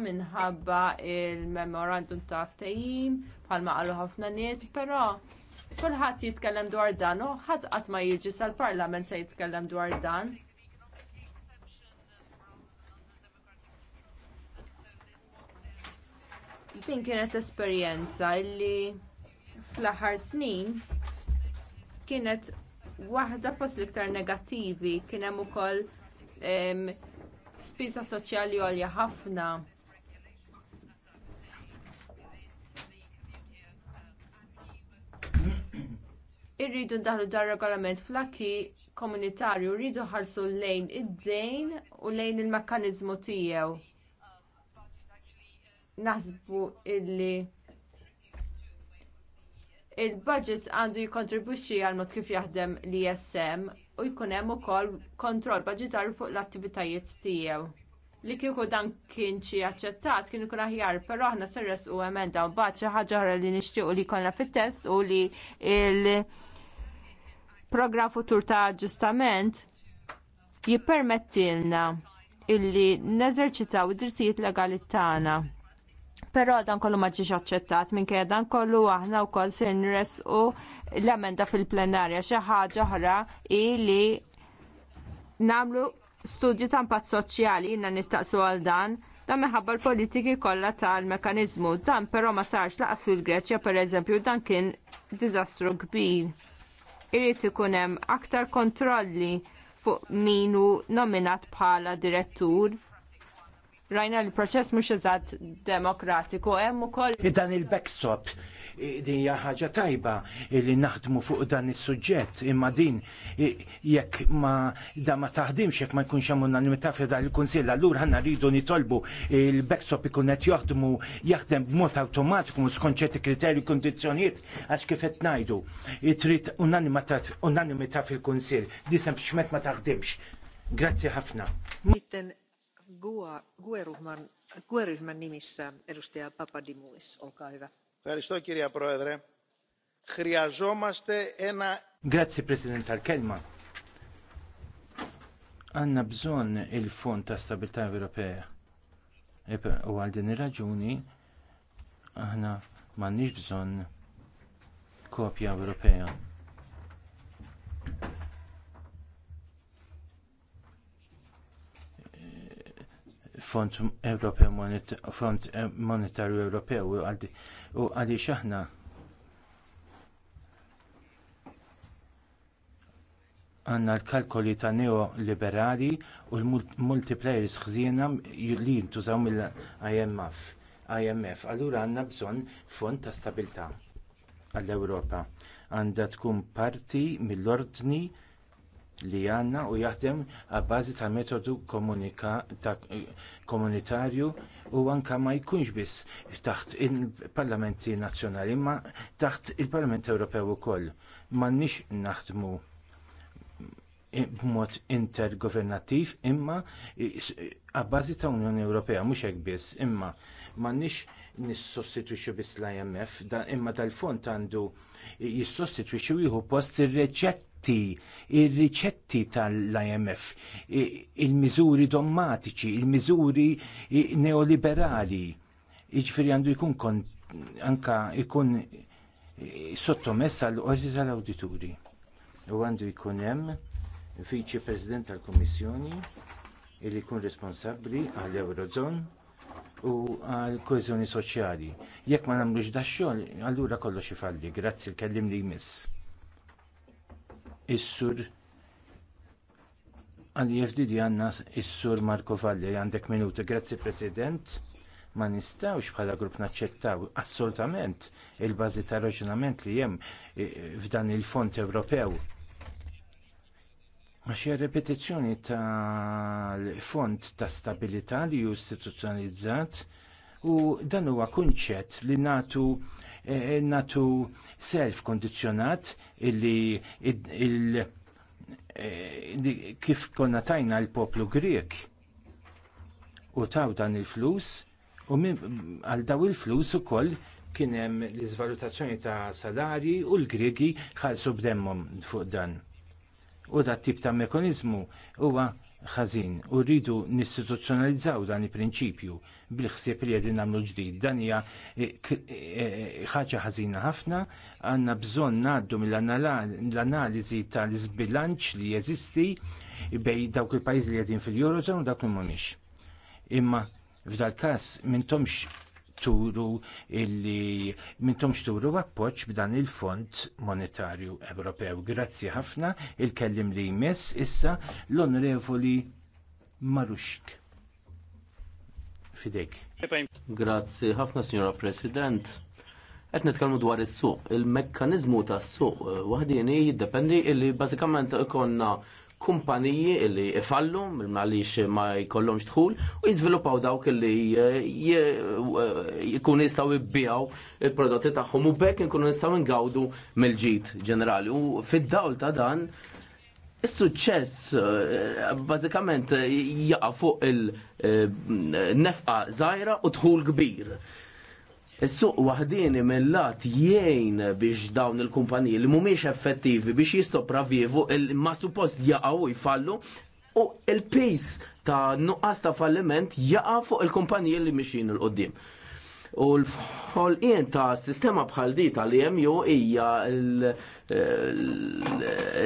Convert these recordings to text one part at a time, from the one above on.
minħabba il-memorandum ta' ftehim bħalma qalu ħafna nies, però kulħadd jitkellem dwar dan u ħadd qatt ma jiġi sal-Parlament se jitkellem dwar dan. Din kienet esperjenza illi fl-aħħar snin kienet waħda fost l-iktar negattivi kien hemm ukoll spiża soċjali għolja ħafna irridu ndaħlu dar regolament fl-akki komunitarju rridu ħarsu lejn id-dejn u lejn il-mekkaniżmu tiegħu. Naħsbu illi il-budget għandu jikkontribwixxi għal mod kif jaħdem l-ISM u jkun hemm ukoll kontroll budgetarju fuq l-attivitajiet tiegħu. Li kieku dan kien xi aċċettat kien ikun aħjar, però aħna serres u emenda mbagħad xi ħaġa oħra li nixtiequ li jkollna fit-test u li l- program futur ta' aġġustament jippermettilna illi neżerċitaw id-drittijiet legali tagħna. Però dan kollu ma ġiex aċċettat minkejja dan kollu aħna wkoll se nresqu l-emenda fil-plenarja xi ħaġa oħra li nagħmlu studju ta' impatt soċjali jiena nistaqsu għal dan dan minħabba l-politiki kollha tal-mekkaniżmu dan però ma sarx laqas fil-Greċja pereżempju dan kien diżastru kbir irrid ikun hemm aktar kontrolli fuq min hu nominat bħala direttur. Rajna li proċess mhux eżatt demokratiku hemm ukoll. Dan il-backstop din hija ħaġa tajba li naħdmu fuq dan is-suġġett imma din jekk ma da ma taħdimx jekk ma jkunx hemm unanimità fi dan il-kunsill allura ħanna rridu nitolbu il-backstop ikun qed joħdmu jaħdem b'mod awtomatiku skont ċerti kriterju kundizzjonijiet għax kif qed ngħidu. Trid unanimità fil-kunsill di sempliċement ma taħdimx. Grazzi ħafna. Mitten Gua, Gueruhman, Gueruhman nimissä edustaja Papadimulis, olkaa hyvä. Ευχαριστώ κυρία Πρόεδρε. Χρειαζόμαστε ένα... Grazie President tal-kelma. Għanna bżonn il-Fond ta' Stabilità Ewropea. E u għal din ir-raġuni aħna m'għandniex bżonn kopja Ewropea fond Ewropew Fond Monetarju Ewropew u għaliex aħna għandna l-kalkoli ta' neoliberali u l-multiplayers ħżiena li jintużaw mill-IMF. IMF. Allura għandna bżonn fond ta' stabilità għall-Ewropa. Għandha tkun parti mill-ordni li għandna u jaħdem għabbażi ta' metodu komunitarju u anke ma jkunx biss taħt il-parlamenti nazzjonali ma taħt il-Parlament Ewropew ukoll. M'għandniex naħdmu b'mod intergovernattiv imma għabbażi ta' Unjoni Ewropea mhux hekk biss imma m'għandniex nissostitwixxu biss l-IMF imma dal-fond għandu jissostitwixxu jieħu post ir-reċett riċetti, ir-riċetti tal-IMF, il-miżuri dommatiċi, il-miżuri neoliberali. Iġifieri għandu jkun kon, anka jkun eh, sottomess għall qorti tal-awdituri. U għandu jkun hemm viċi President tal-Kummissjoni li jkun responsabbli għall eurozon u għall koeżjoni soċjali. Jekk ma nagħmlux dax-xogħol, allura kollox ifalli. Grazzi l-kellim li jmiss is-sur għal-FDD għandna is-sur Marko Valli għandek Minuti Grazzi President. Ma nistawx bħala grupp naċċettaw assolutament il-bażi ta' raġunament li hemm eh, f'dan il-Fond Ewropew. Ma xi repetizzjoni tal-Fond ta' Stabilità li hu istituzzjonalizzat u dan huwa kunċett li nagħtu Eh, eh, natu self kondizzjonat illi il, eh, kif konna tajna l-poplu Grek u taw dan il-flus u għal daw il-flus ukoll kien hemm l-iżvalutazzjoni ta' salarji u l-Griegi xalsu b'demmom fuq dan. U dat tip ta' mekanizmu huwa ħażin u rridu nistituzzjonalizzaw dan il-prinċipju bil-ħsieb li qegħdin nagħmlu ġdid. Dan hija eh, eh, eh, ħaġa ħażina ħafna, għandna bżonn ngħaddu mill-analiżi tal-iżbilanċ li jeżisti bejn dawk il-pajjiżi li qegħdin fil-Eurozone u dawk li mhumiex. Imma f'dal każ m'intomx turu illi mintom xturu appoġġ b'dan il-Fond Monetarju Ewropew. Grazzi ħafna il-kellim li jmiss issa l-Onorevoli Marusik. Fidek. Grazzi ħafna, Signora President qed nitkellmu dwar is-suq, il mekkanizmu tas-suq eh, waħdini jiddependi li bażikament ikonna kumpaniji illi ifallu għaliex ma jkollhomx dħul u jiżviluppaw dawk illi jkun jistgħu jibbijaw il-prodotti tagħhom u bekk inkunu nistgħu ngawdu mill-ġid ġenerali. U fid-dawl ta' dan Is-suċċess eh, bażikament jaqa' fuq il-nefqa eh, żgħira u dħul kbir. Is-suq waħdini mill-lat jgħin biex dawn il-kumpaniji li mhumiex effettivi biex jissopravvivu ma suppost jaqgħu jfallu u il pejs ta' nuqqas ta' falliment jaqa' fuq il-kumpaniji li mixin il-qoddim. U l-ħolqien ta' sistema bħal di tal-EMU hija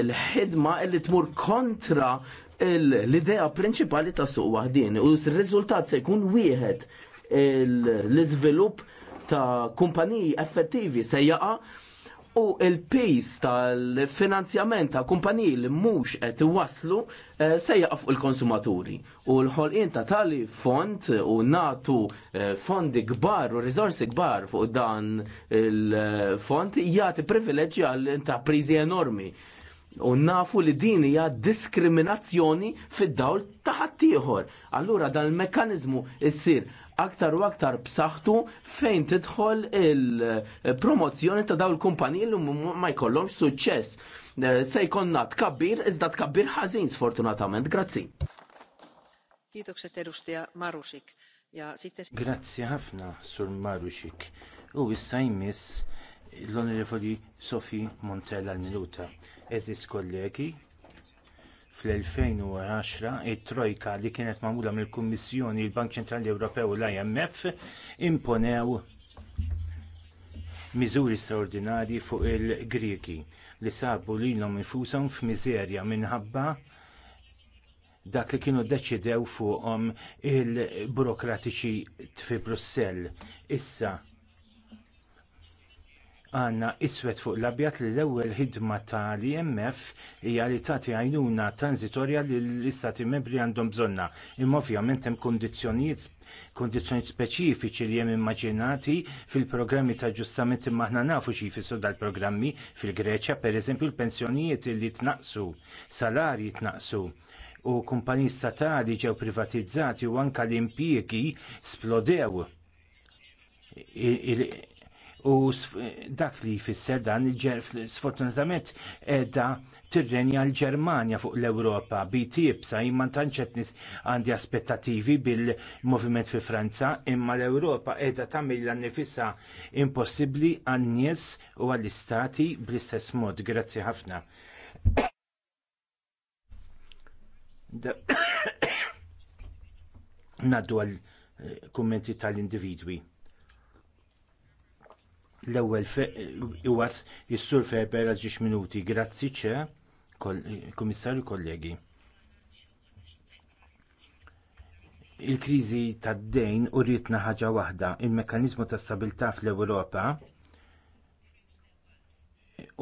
l-ħidma li tmur kontra l-idea prinċipali ta' suq waħdini u s-riżultat se jkun wieħed l-iżvilupp ta' kumpaniji effettivi se jaqa' u il-pis tal-finanzjament ta' kumpaniji li mhux qed waslu eh, se jaqaf fuq il-konsumaturi. U l-ħolqien ta' tali fond u natu eh, fondi kbar u rizorsi kbar fuq dan il-fond jagħti privileġġi għal intapriżi enormi. U nafu li din hija diskriminazzjoni fid-dawl ta' ħaddieħor. Allura dan il-mekkaniżmu issir aktar u aktar b'saħħtu fejn tidħol il-promozzjoni ta' daw il-kumpaniji li ma jkollhomx suċċess. Eh, se jkollna tkabbir iżda tkabbir ħażin sfortunatament. Grazzi. Grazzi ħafna, Sur Marusik. U issa jmiss l-Onorevoli Sofi Montella l-Minuta. Eżis kollegi, fl-2010 it-trojka li kienet magħmula mill-Kummissjoni, il-Bank Ċentrali Ewropew u l-IMF imponew miżuri straordinarji fuq il-Grieki li sabu lilhom infushom f'miżerja minħabba dak li kienu ddeċidew fuqhom il-burokratiċi fi Brussell. Issa għandna iswed fuq l-abjad li l-ewwel ħidma tal-IMF hija li tagħti għajnuna transitorja li l-istati membri għandhom bżonna. Imma ovvjament hemm kundizzjonijiet kondizjoni speċifiċi li hemm immaġinati fil-programmi ta' ġustament imma aħna nafu xi jfisru dal-programmi fil-Greċja, pereżempju l-pensjonijiet li tnaqsu, salarji tnaqsu u kumpaniji statali ġew privatizzati u anke l-impjiegi splodew u dak li jfisser dan sfortunatament edha tirrenja l-Ġermanja fuq l-Ewropa BT ibsa imma tanċet għandi aspettativi bil-moviment fi Franza imma l-Ewropa edha tamil l-nifissa impossibbli għan-nies u għall-istati bl-istess mod. Grazzi ħafna. Naddu għal eh, kummenti tal-individwi l-ewwel iwas is-sur Ferber għal ġiex minuti. Grazzi ċe, komissarju kollegi. Il-kriżi tad-dejn u rritna ħaġa waħda, il-mekkaniżmu ta' stabbiltà fl-Ewropa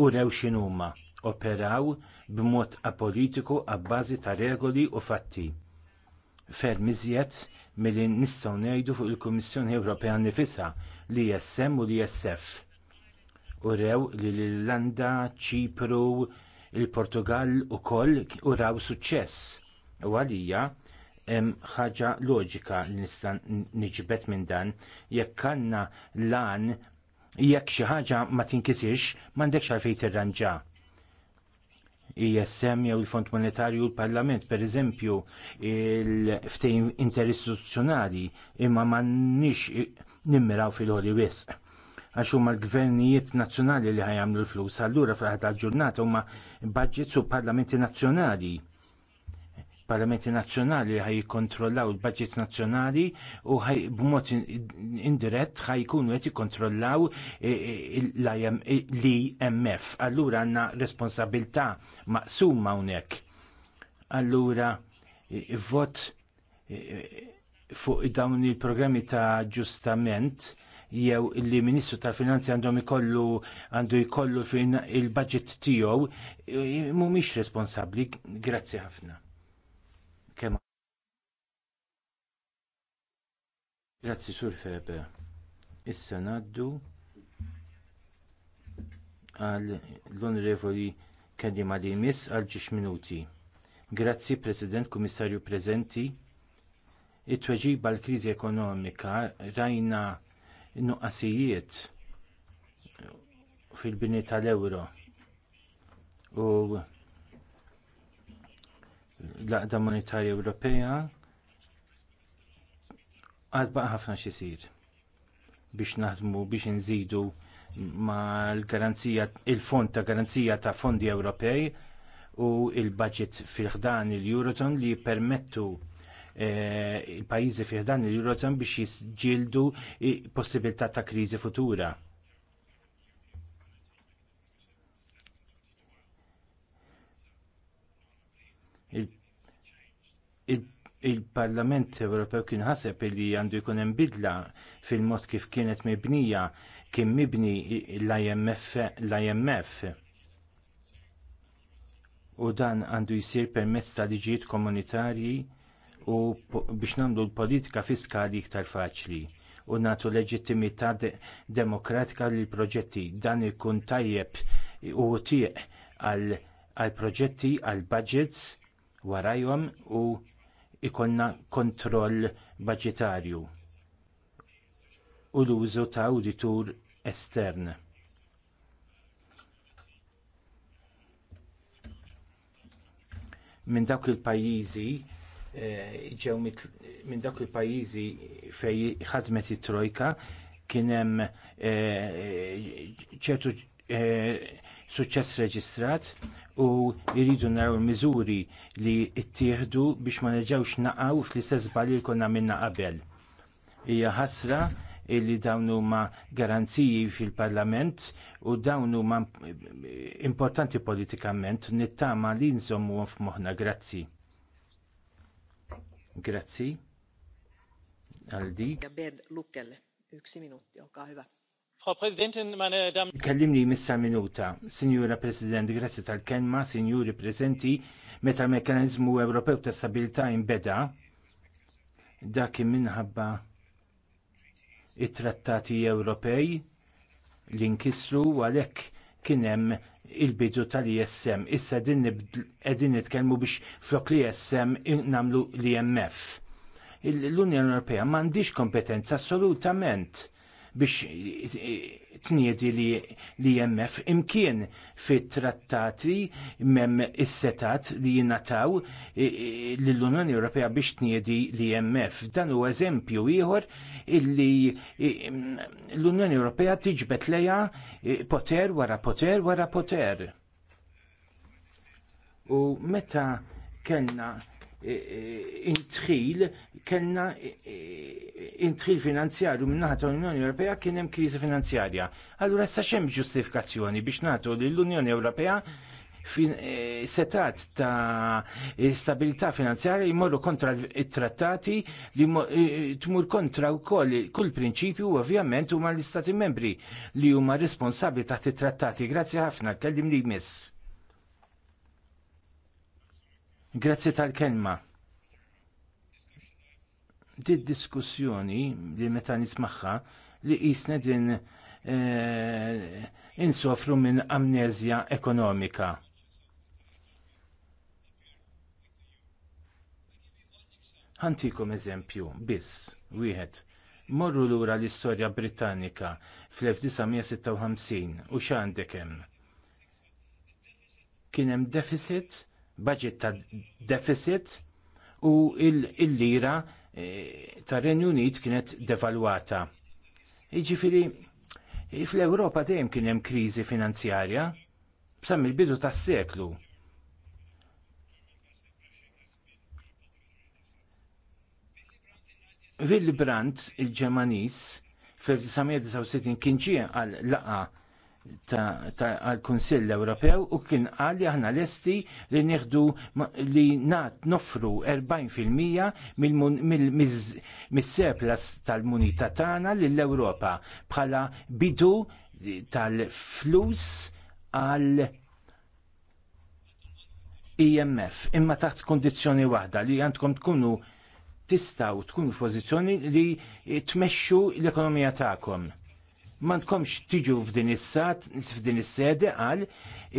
u rew x'inhuma operaw b'mod apolitiku għabbażi ta' regoli u fatti. Ferm iżjed milli nistgħu ngħidu fuq il-Kummissjoni Ewropea nifisha li jessem u li jessef. U rew li l-Irlanda, Ċipru, il-Portugal ukoll uraw suċċess. U għalija hemm ħaġa loġika li nista' niġbed minn dan jekk għandna lan jekk xi ħaġa ma tinkisirx m'għandekx għalfejn tirranġa. ISM e jew il-Fond Monetarju u l-Parlament, pereżempju il-ftejn interistituzzjonali, imma m'għandniex nimmiraw fil-ħoli wisq għax huma l-gvernijiet nazzjonali li ħajamlu l-flus, allura fraħat tal ġurnata huma budgets u parlamenti nazzjonali parlamenti nazzjonali ħaj jikkontrollaw il-budgets nazzjonali u ħaj b'mod indirett ħaj jkunu qed jikkontrollaw e, e, l-IMF. Allura għandna responsabilità maqsuma hawnhekk. Allura vot fuq dawn il-programmi ta' ġustament jew li ministru tal-Finanzi għandhom ikollu għandu jkollu fin il-budget tiegħu mhumiex responsabbli. Grazzi ħafna kemm Grazzi Sur Febe. Issa ngħaddu għal l-onorevoli kellima li miss għal ġiex minuti. Grazzi President Kummissarju Prezenti. It-tweġiba l kriżi ekonomika rajna nuqqasijiet fil-bini tal euro u l-Aqda Monetarja Ewropea għad baqa ħafna xisir biex naħdmu biex nżidu mal garanzija il-fond ta' garanzija ta' fondi Ewropej u l budget fil-ħdan il-Euroton li jippermettu eh, il-pajizi fil-ħdan il-Euroton biex jisġildu possibilità ta' kriżi futura. il-Parlament Ewropew kien ħaseb li għandu jkun hemm bidla fil-mod kif kienet mibnija kien mibni l-IMF u dan għandu jsir permezz ta' liġijiet komunitarji u biex nagħmlu l-politika fiskali iktar faċli u nagħtu leġittimità demokratika lill proġetti dan ikun tajjeb u tieq għal proġetti għal budgets warajhom u ikonna kontroll baġitarju u l-użu ta' awditur estern. Minn dawk il eh, ġew minn dawk il-pajjiżi fejn ħadmet it-trojka kien hemm eh, ċertu eh, suċċess reġistrat u jridu naraw miżuri li ttieħdu biex ma nerġgħux naqgħu fl-istess żbalji li konna minna qabel. Hija ħasra li dawn huma garanziji fil-Parlament u dawn huma importanti politikament nittama li nżommu f'moħħna grazzi. Grazzi. Għal dik. Yksi minuti, olkaa hyvä. Frau Kellimni missa minuta, Sinjura President, grazzi tal-kelma, Sinjuri Prezenti, meta l-Mekanizmu Ewropew ta' Stabilità imbeda, dak minħabba it-trattati Ewropej li nkissru għalhekk kien hemm il-bidu tal-ISM. Issa din qegħdin nitkellmu biex flok l-ISM nagħmlu l-IMF. L-Unjoni Ewropea m'għandix kompetenza assolutament biex tniedi li jemmef imkien fit-trattati mem is-setat li jingħataw lill-Unjoni Ewropea biex tniedi li jemmef. Dan huwa eżempju ieħor illi l-Unjoni Ewropea tiġbet lejha poter wara poter wara poter. U meta kellna intħil kellna eh, eh, intħil finanzjarju minn naħa tal-Unjoni Ewropea kien hemm kriżi finanzjarja. Allura sa xemm ġustifikazzjoni biex nagħtu lill-Unjoni Ewropea eh, setat ta' stabilità finanzjarja jmorru kontra it-trattati li tmur kontra wkoll kull prinċipju u ovvjament huma l-istati membri li huma responsabbli taħt it-trattati. Grazzi ħafna, kellim li jmiss. Grazzi tal-kelma. Di diskussjoni li meta nismaħħa li jisna din eh, insofru minn amnezja ekonomika. Ħantikom eżempju, biss, wieħed. Morru lura l-istorja Britannika fl-1956 u x'għandek hemm. Kien hemm deficit budget ta' deficit u il-lira eh, ta' Renju Unit kienet devalwata. Jiġifieri fl-Ewropa dejjem kien hemm kriżi finanzjarja sa mill-bidu tas-seklu. Willy Brandt, il-Ġemanis, fl-1969 kien ġie għal laqa għal-Kunsill Ewropew u kien qal li aħna lesti li nieħdu li nat nofru 40% mis-seplas tal-munita tagħna lill-Ewropa bħala bidu tal-flus għal IMF e imma taħt kundizzjoni waħda li għandkom tkunu tistaw tkunu f'pożizzjoni li tmexxu l-ekonomija tagħkom Ma nkomx tiġu f'din is-sat, f'din is-sede għal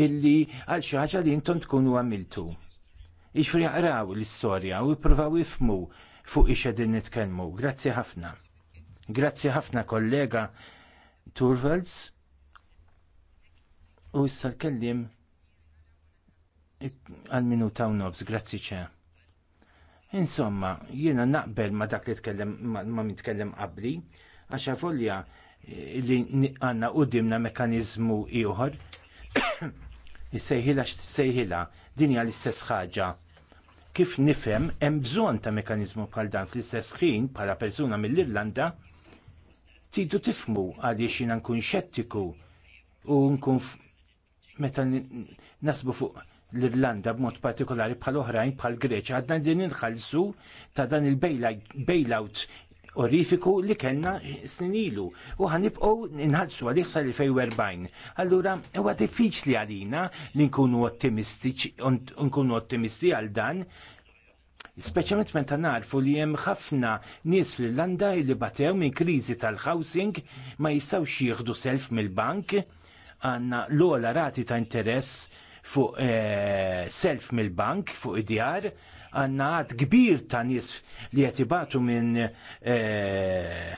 illi għal xi ħaġa li intom tkunu għamiltu. Ixfri jaqraw l-istorja u jippruvaw jifmu fuq ix qegħdin nitkellmu. Grazzi ħafna. Grazzi ħafna kollega Turvels. U issa l-kellim għal minuta u nofs, grazzi ċe. Insomma, jiena naqbel ma dak li tkellem ma mitkellem qabli, għaxa folja li għanna u dimna mekanizmu iħor, jissejħila x'sejħila, din hija l-istess ħaġa. Kif nifhem hemm bżonn ta' mekanizmu bħal dan fl-istess ħin bħala persuna mill-Irlanda tidu tifmu għaliex jiena nkun xettiku u nkun meta nasbu fuq l-Irlanda b'mod partikolari bħal oħrajn bħal Greċja għadna din inħallsu ta' dan il-bailout orifiku li kellna snin ilu u ħanibqgħu inħallsu għalih sa 2040. Allura huwa diffiċli għalina li nkunu ottimistiċi nkunu ottimisti għal dan speċjalment meta narfu li hemm ħafna nies fil landa li batew minn kriżi tal-housing ma jistgħux jieħdu self mill-bank għandna l ogħla rati ta' interess fuq eh, self mill-bank fuq id-djar għanna għad kbir ta' nies li qed ibatu minn eh,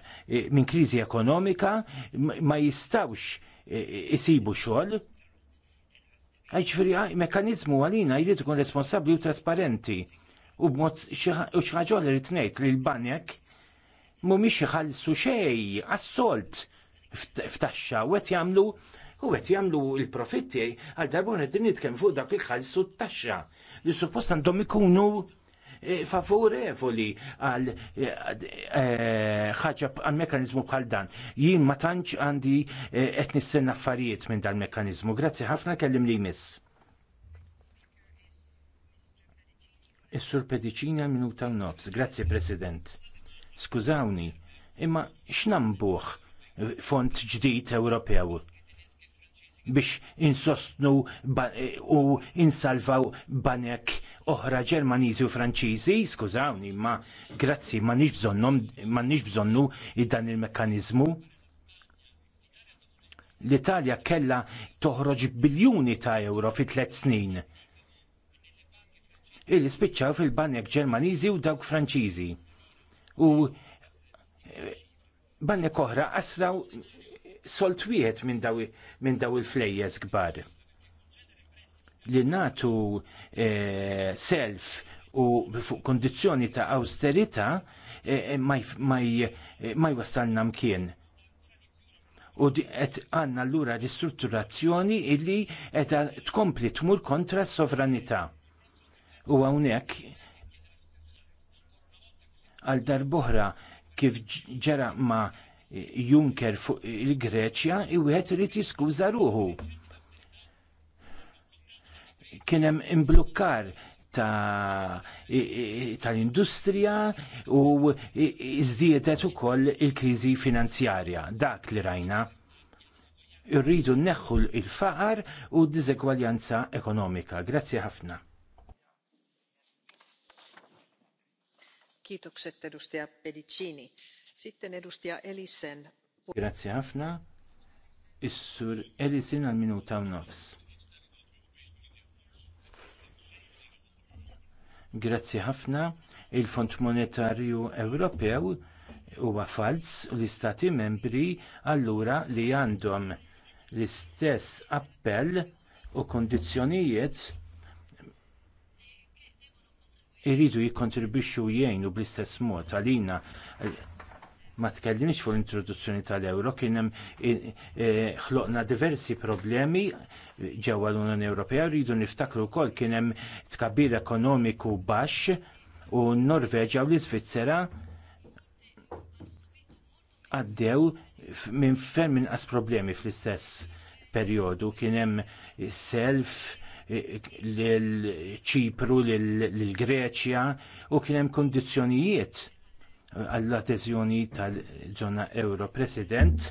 min kriżi ekonomika ma jistawx eh, isibu xogħol. Għajċfiri, mekanizmu għalina jrid ikun responsabbli u trasparenti u b'mod xaġol li t-nejt li l-banek miex jħallsu xej assolt f'taxxa u qed jagħmlu u qed jagħmlu l-profitti għal darbon qed kem fuq dak il-ħalsu t-taxxa li suppost għandhom ikunu e, favorevoli għal e, ħagġa e, għal mekanizmu bħal dan. Jien ma tantx għandi qed nistenna affarijiet minn dan mekanizmu. Grazzi ħafna kellim li jmiss. Is-Sur Pedicini għal minuta nofs. Grazzi President. Skużawni, imma x'nambuh font ġdid Ewropew biex insostnu e, u insalvaw banek oħra Ġermaniżi u Franċiżi, skużawni, ma grazzi ma nix bżonnu dan il-mekkanizmu. L-Italja kellha toħroġ biljuni ta' euro fi tliet snin. Illi spiċċaw fil-banek Ġermaniżi u dawk Franċiżi. U e, banek oħra asraw solt wieħed minn daw, min daw il-flejjes kbar. Li natu eh, self u fuq kondizjoni ta' austerita eh, eh, ma jwassalna mkien. U għanna għandna ura ristrutturazzjoni illi qed tkompli tmur kontra s-sovranità. U hawnhekk għal darbohra kif ġera ma' Juncker fuq il-Greċja i wieħed irid jiskuża ruħu. Kien hemm imblukkar tal-industrija u iżdiedet ukoll il-kriżi finanzjarja. Dak li rajna. Irridu neħħu il-faqar u d-diżegwaljanza ekonomika. Grazzi ħafna. Kiitokset edustaja Pedicini. Grazie ħafna. Is-sur Elisen għal minuta u nofs. Grazzi ħafna. Il-Fond Monetarju Ewropew huwa fals l-istati membri allura li għandhom l-istess appell u kundizzjonijiet iridu jikkontribwixxu jgħinu bl-istess mod għalina ma tkellimx fuq l-introduzzjoni tal-euro, kien hemm eh, eh, ħloqna diversi problemi ġewwa l-Unjoni Ewropea, rridu niftakru wkoll kien hemm tkabbir ekonomiku baxx u n-Norveġa u l-Iżvizzera għaddew minn ferm inqas problemi fl-istess perjodu kien hemm self eh, lil ċipru l Greċja u kien hemm kundizzjonijiet għall-adeżjoni tal-ġona Euro President.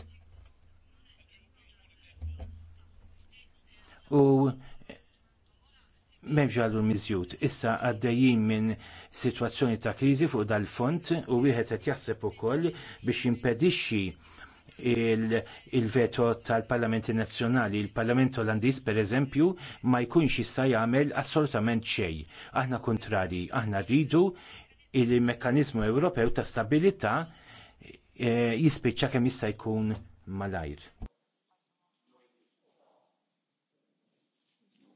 U m'hemmx għallu miżjud. Issa għaddejjin minn sitwazzjoni ta' kriżi fuq dal-font u wieħed qed jaħseb ukoll biex jimpedixxi il-veto il tal-Parlamenti Nazzjonali. Il-Parlament Olandiż pereżempju ma jkunx jista' jagħmel assolutament xejn. Aħna kuntrarji, aħna rridu il-mekkanizmu Ewropew ta' stabilità eh, jispiċċa kemm jista' jkun malajr.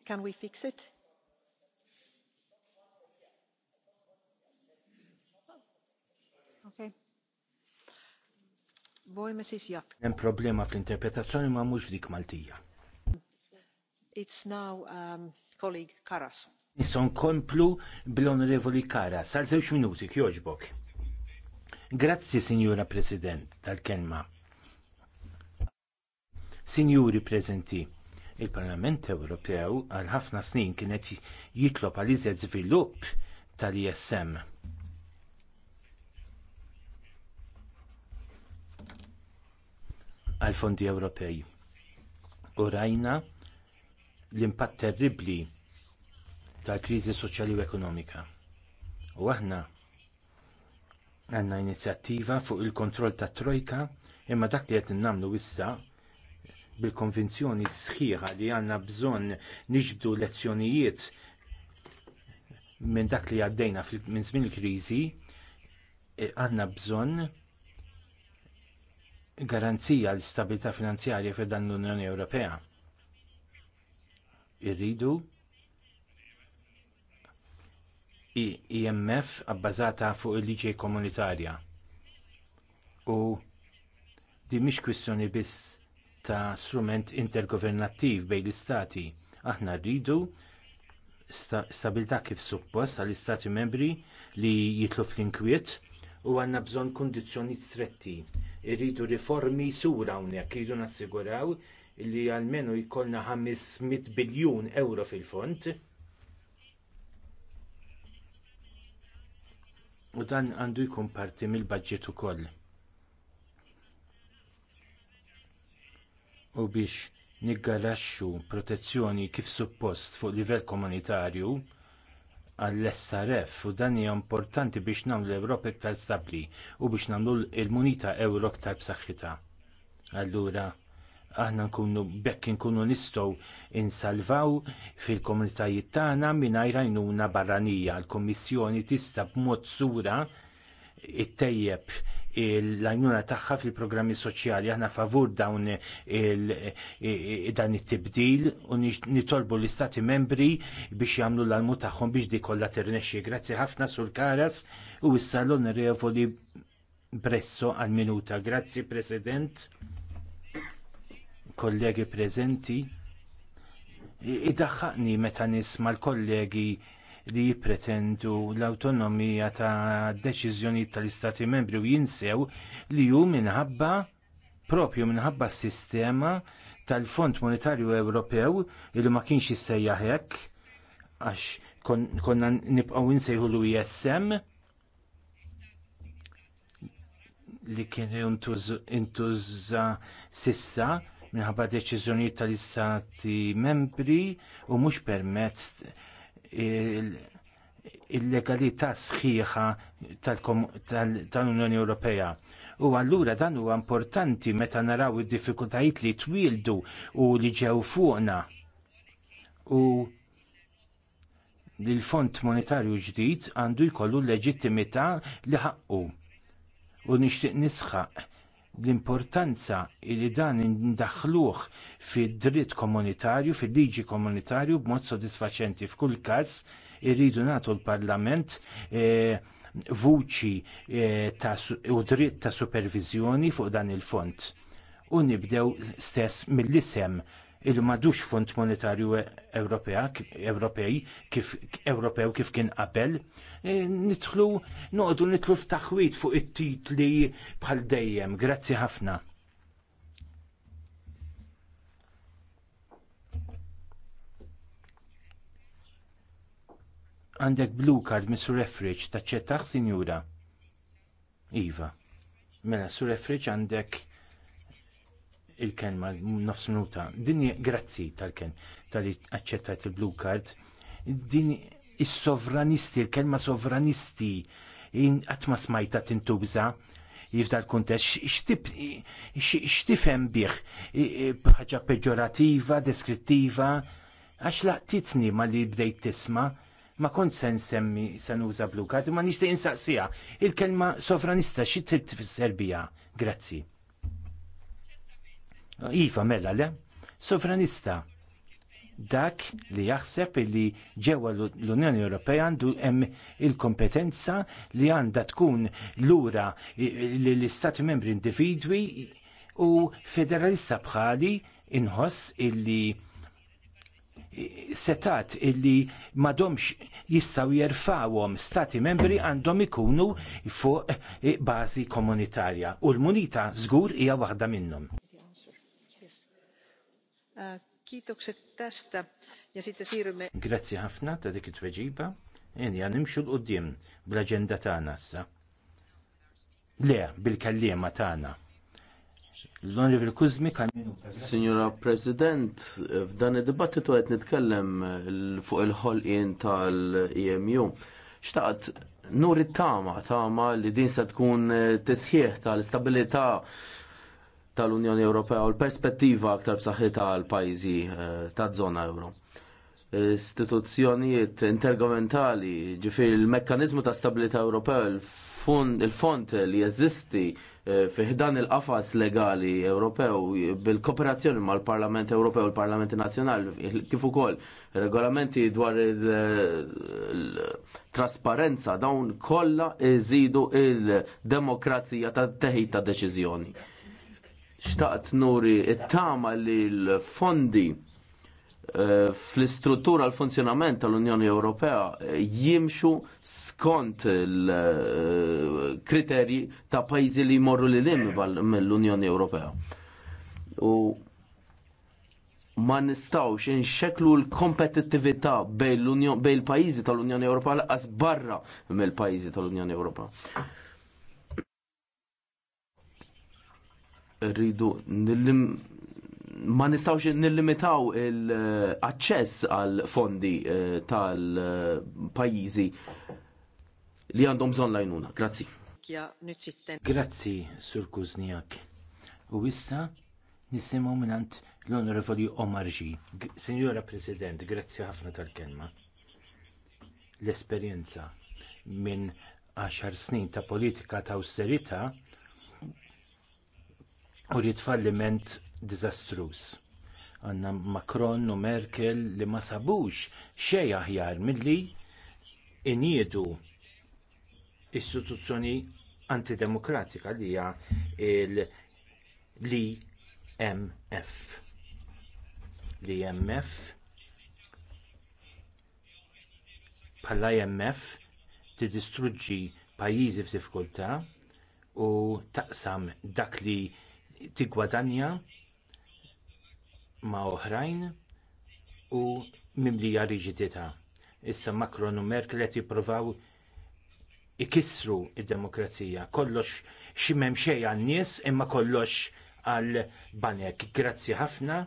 Can we fix it? Okay. Voimme siis jatkaa. Hemm problema fl-interpretazzjoni ma mux dik Maltija. It's now um, colleague Karas Nisson komplu bl-onorevoli Kara, sal żewġ minuti kjoġbok. Grazzi, Signora President, tal-kelma. Sinjuri prezenti, il-Parlament Ewropew għal ħafna snin kienet jitlob għal iżjed żvilupp tal-ISM. għal fondi Ewropej. U rajna l-impatt terribli tal-kriżi soċjali u ekonomika. U aħna għandna inizjattiva fuq il-kontroll tat trojka imma dak li qed innamlu issa bil-konvinzjoni sħiħa li għandna bżonn niġbdu lezzjonijiet minn dak li għaddejna minn żmien il-kriżi e, għandna bżonn garanzija l istabilità finanzjarja fid dan l-Unjoni Ewropea. Irridu IMF e abbażata fuq il-liġi komunitarja. U di mhix kwistjoni biss ta' strument intergovernattiv bejn l-istati. Aħna rridu sta stabilità kif suppost għall istati membri li jitlu fl-inkwiet u għandna bżonn kundizzjonijiet stretti. Irridu riformi sura hawnhekk iridu nassiguraw li għalmenu jkollna 500 biljun euro fil-fond u dan għandu jkun parti mill-budget ukoll. U biex niggalaxxu protezzjoni kif suppost fuq livell komunitarju għall-SRF u dan hija importanti biex nagħmlu l-Ewropa iktar stabbli u biex nagħmlu l-munita Ewro iktar b'saħħitha. Allura, aħna nkunu bekk nkunu nistgħu insalvaw fil-komunitajiet tagħna mingħajr għajnuna barranija. L-Kummissjoni tista' b'mod sura ittejjeb l-għajnuna tagħha fil-programmi soċjali aħna favur dawn dan it-tibdil u nitolbu l-istati membri biex jagħmlu l-almu tagħhom biex di kollha tirnexxi. Grazzi ħafna sur Karas u issa l-onorevoli Bresso għal minuta. Grazzi President kollegi preżenti idaħħaqni meta nisma' l-kollegi li jippretendu l-awtonomija ta' deċiżjonijiet tal-Istati Membri u jinsew li hu minħabba propju minħabba s-sistema tal-Fond Monetarju Ewropew li ma kienx jissejjaħ hekk għax konna nibqgħu nsejħu l-ISM e li kien intuża sissa minħabba deċiżjonijiet tal-istati membri u mhux permezz il-legalità sħiħa tal-Unjoni Ewropea. U allura dan huwa importanti meta naraw id-diffikultajiet li twildu u li ġew fuqna. U li l-Fond Monetarju ġdid għandu jkollu l leġittimità li ħaqqu. U nixtieq nisħaq l-importanza li dan indaħluh fid-dritt komunitarju, fil-liġi komunitarju b'mod sodisfaċenti. F'kull każ irridu nagħtu l-Parlament e, vuċi e, ta, u dritt ta' superviżjoni fuq dan il-fond. U nibdew stess mill-isem il madux fond monetarju e- Ewropej kif Ewropew kif kien qabel, e, nidħlu noqogħdu nidħlu f'taħwit fuq it-titli bħal dejjem. Grazzi ħafna. Għandek blue card mis Refridge, taċċettaħ sinjura. Iva. Mela Refridge għandek il-kelma nofs minuta. Din grazzi tal-ken tal-li accettajt il-blue card. Din is-sovranisti, il-kelma sovranisti, in għatma smajta tintubza jifdal kuntest, xtifem bih, bħagġa peġorativa, deskrittiva, għax laqtitni ma li bdejt tisma, ma kont sen semmi sen uża blu kad, ma nixtieq insaqsija. Il-kelma sovranista xi trid tifisser biha? Grazzi. Iva mela le, sovranista dak li jaħseb li ġewwa l-Unjoni Ewropea għandu hemm il-kompetenza li għandha tkun lura l-istati membri individwi u federalista bħali inħoss illi setat illi madomx jistaw jerfawhom stati membri għandhom ikunu fuq bażi komunitarja u l-munita żgur hija waħda minnhom. Äh, Grazzi ħafna ta' dik it-tweġiba. Inja nimxu l-qoddim bl aġenda tagħna issa. Le, bil-kallima tagħna. L-Onorevoli Kuzmi kan. Signora President, f'dan id-dibattitu qed nitkellem fuq il-ħolqien tal-EMU. Xtaqt nuri tama, tama li din se tkun tisħieħ tal-istabilità tal-Unjoni Ewropea u l-perspettiva aktar b'saħħitha għal pajjiżi eh, taż-żona euro. Istituzzjonijiet intergovernmentali, ġifieri l-mekkaniżmu ta' stabilità Ewropea, il-fond li jeżisti eh, fih dan il-qafas legali Ewropew bil-kooperazzjoni mal-Parlament Ewropew u l-Parlamenti Nazzjonali kif ukoll regolamenti dwar il-trasparenza dawn kollha iżidu il-demokrazija tat teħid ta' deċiżjoni xtaqt nuri it-tama li l-fondi eh, fl-istruttura l-funzjonament tal-Unjoni Ewropea eh, jimxu skont il-kriterji eh, ta' pajzi li jmorru li lim mill-Unjoni Ewropea. U ma nistawx inxeklu l-kompetittività bejn l-pajzi tal-Unjoni Ewropea għas barra mill pajzi tal-Unjoni Ewropea rridu nillim ma nistawx nillimitaw l-aċċess għal fondi eh, tal-pajjiżi li għandhom bżonn lajnuna. Grazzi. Grazzi, Sur Kuzniak. U issa nisimgħu minant l-Onorevoli Omarġi. Signora President, grazzi ħafna tal-kelma. L-esperjenza minn 10 snin ta' politika ta' austerita' u rrid falliment diżastruż. Għanna Macron u Merkel li ma sabux xej aħjar milli iniedu istituzzjoni antidemokratika li hija l-IMF. L-IMF bħala IMF tidistruġġi pajjiżi f'difkultà u taqsam dak li tigwadanja ma' oħrajn u mimlija riġidità. Issa Macron u Merkel qed jippruvaw ikissru d demokrazija Kollox xi m'hemm għan-nies imma kollox għall banek. Grazzi ħafna.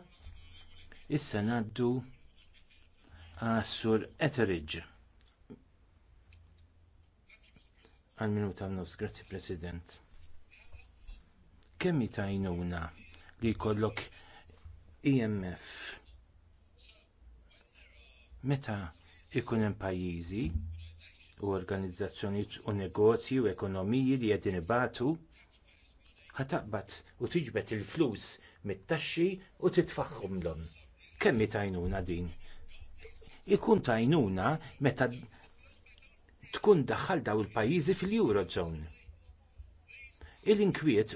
Issa ngħaddu għas-sur Etheridge. Għal minuta nofs, grazzi President kemm jgħinuna li jkollok IMF. E meta ikun hemm pajjiżi u organizzazzjonijiet u negozji u ekonomiji li qegħdin ibatu, ħataqbad u tiġbed il-flus mit-taxxi u titfaħħumlhom. Kemm għajnuna din? Ikun tajnuna meta tkun daħħal daw il-pajjiżi fil-Eurozone. Il-inkwiet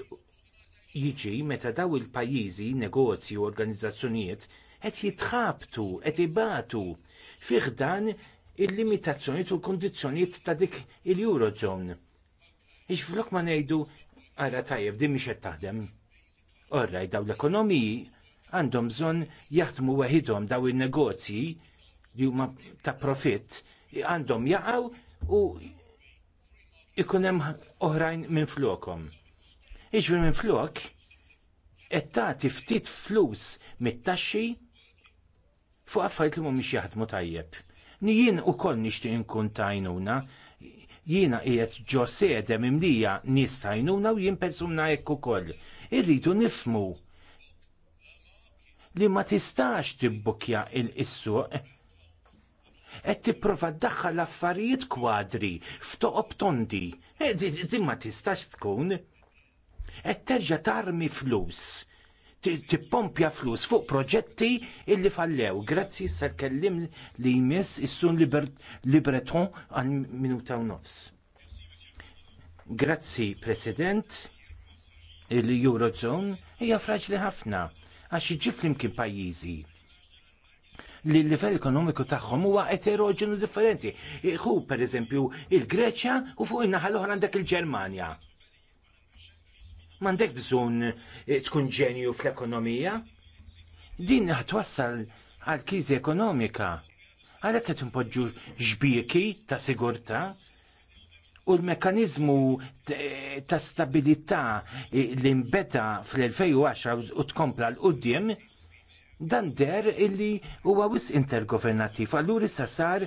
jiġi meta daw il-pajjiżi, negozji u organizzazzjonijiet qed jitħabtu, qed ibatu fih dan il-limitazzjonijiet u l-kondizzjonijiet ta' dik il-Eurozone. Ix flok ma ngħidu ara tajjeb di miex qed taħdem. Orraj daw l-ekonomiji għandhom bżonn jaħdmu waħidhom daw il-negozji li huma ta' profitt għandhom jaqgħu u ikun hemm oħrajn minn flokhom iġvir minn flok, qed tagħti ftit flus mit-taxxi fuq affarijiet li mhumiex jaħdmu tajjeb. Jien ukoll nixtieq inkun tajnuna, jiena qiegħed ġo sedem imlija nies tajnuna u jien persuna hekk ukoll. Irridu nifmu li ma tistax tibbukja il-issuq qed tipprova ddaħħal affarijiet kwadri f'toqob tondi. Eh, Din ma tistax tkun qed terġa' tarmi flus tippompja flus fuq proġetti illi fallew. Grazzi issa kellim li jmiss is-sun Libreton għal minuta u nofs. Grazzi, President, il-Eurozone hija fraġli ħafna għax iġi flimkien pajjiżi li l-livell ekonomiku tagħhom huwa eteroġenu differenti. Iħu pereżempju il-Greċja u fuq in-naħa l-oħra għandek il-Ġermanja. M'għandek bżon eh, tkun ġenju fl-ekonomija. Din ħatwassal għal kizi ekonomika. Għalhekk qed impoġġu xbieki ta' sigurtà u l-mekanizmu eh, ta' stabilità eh, li mbeta fl-2010 u tkompla l-qudiem dan der illi huwa wis intergovernattiv. Allura issa sar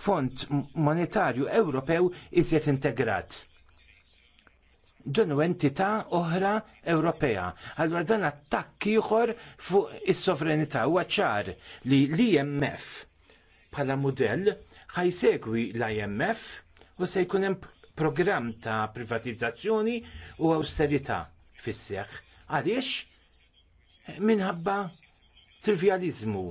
fond monetarju Ewropew iżjed integrat donu entità oħra Ewropea. Allura dan attakk ieħor fuq is-sovranità huwa ċar li l-IMF bħala mudell ħajsegwi l-IMF u se jkun hemm programm ta' privatizzazzjoni u awsterità fis-seħħ. Għaliex minħabba trivjaliżmu.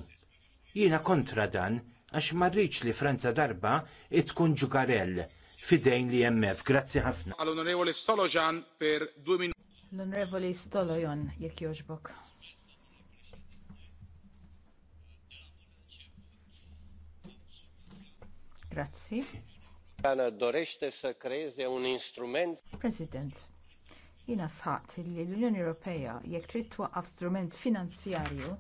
Jiena kontra dan għax ma rridx li Franza darba tkun ġugarell fidejn li IMF. Grazzi ħafna. Għal-Onorevoli Stolojan per 2 minuti. L-Onorevoli Stolojan, jek joġbok. Grazzi. Għana doreċte sa creeze un instrument. President, jina sħat li l-Unjoni Ewropea jek trid għaf strument finanzjarju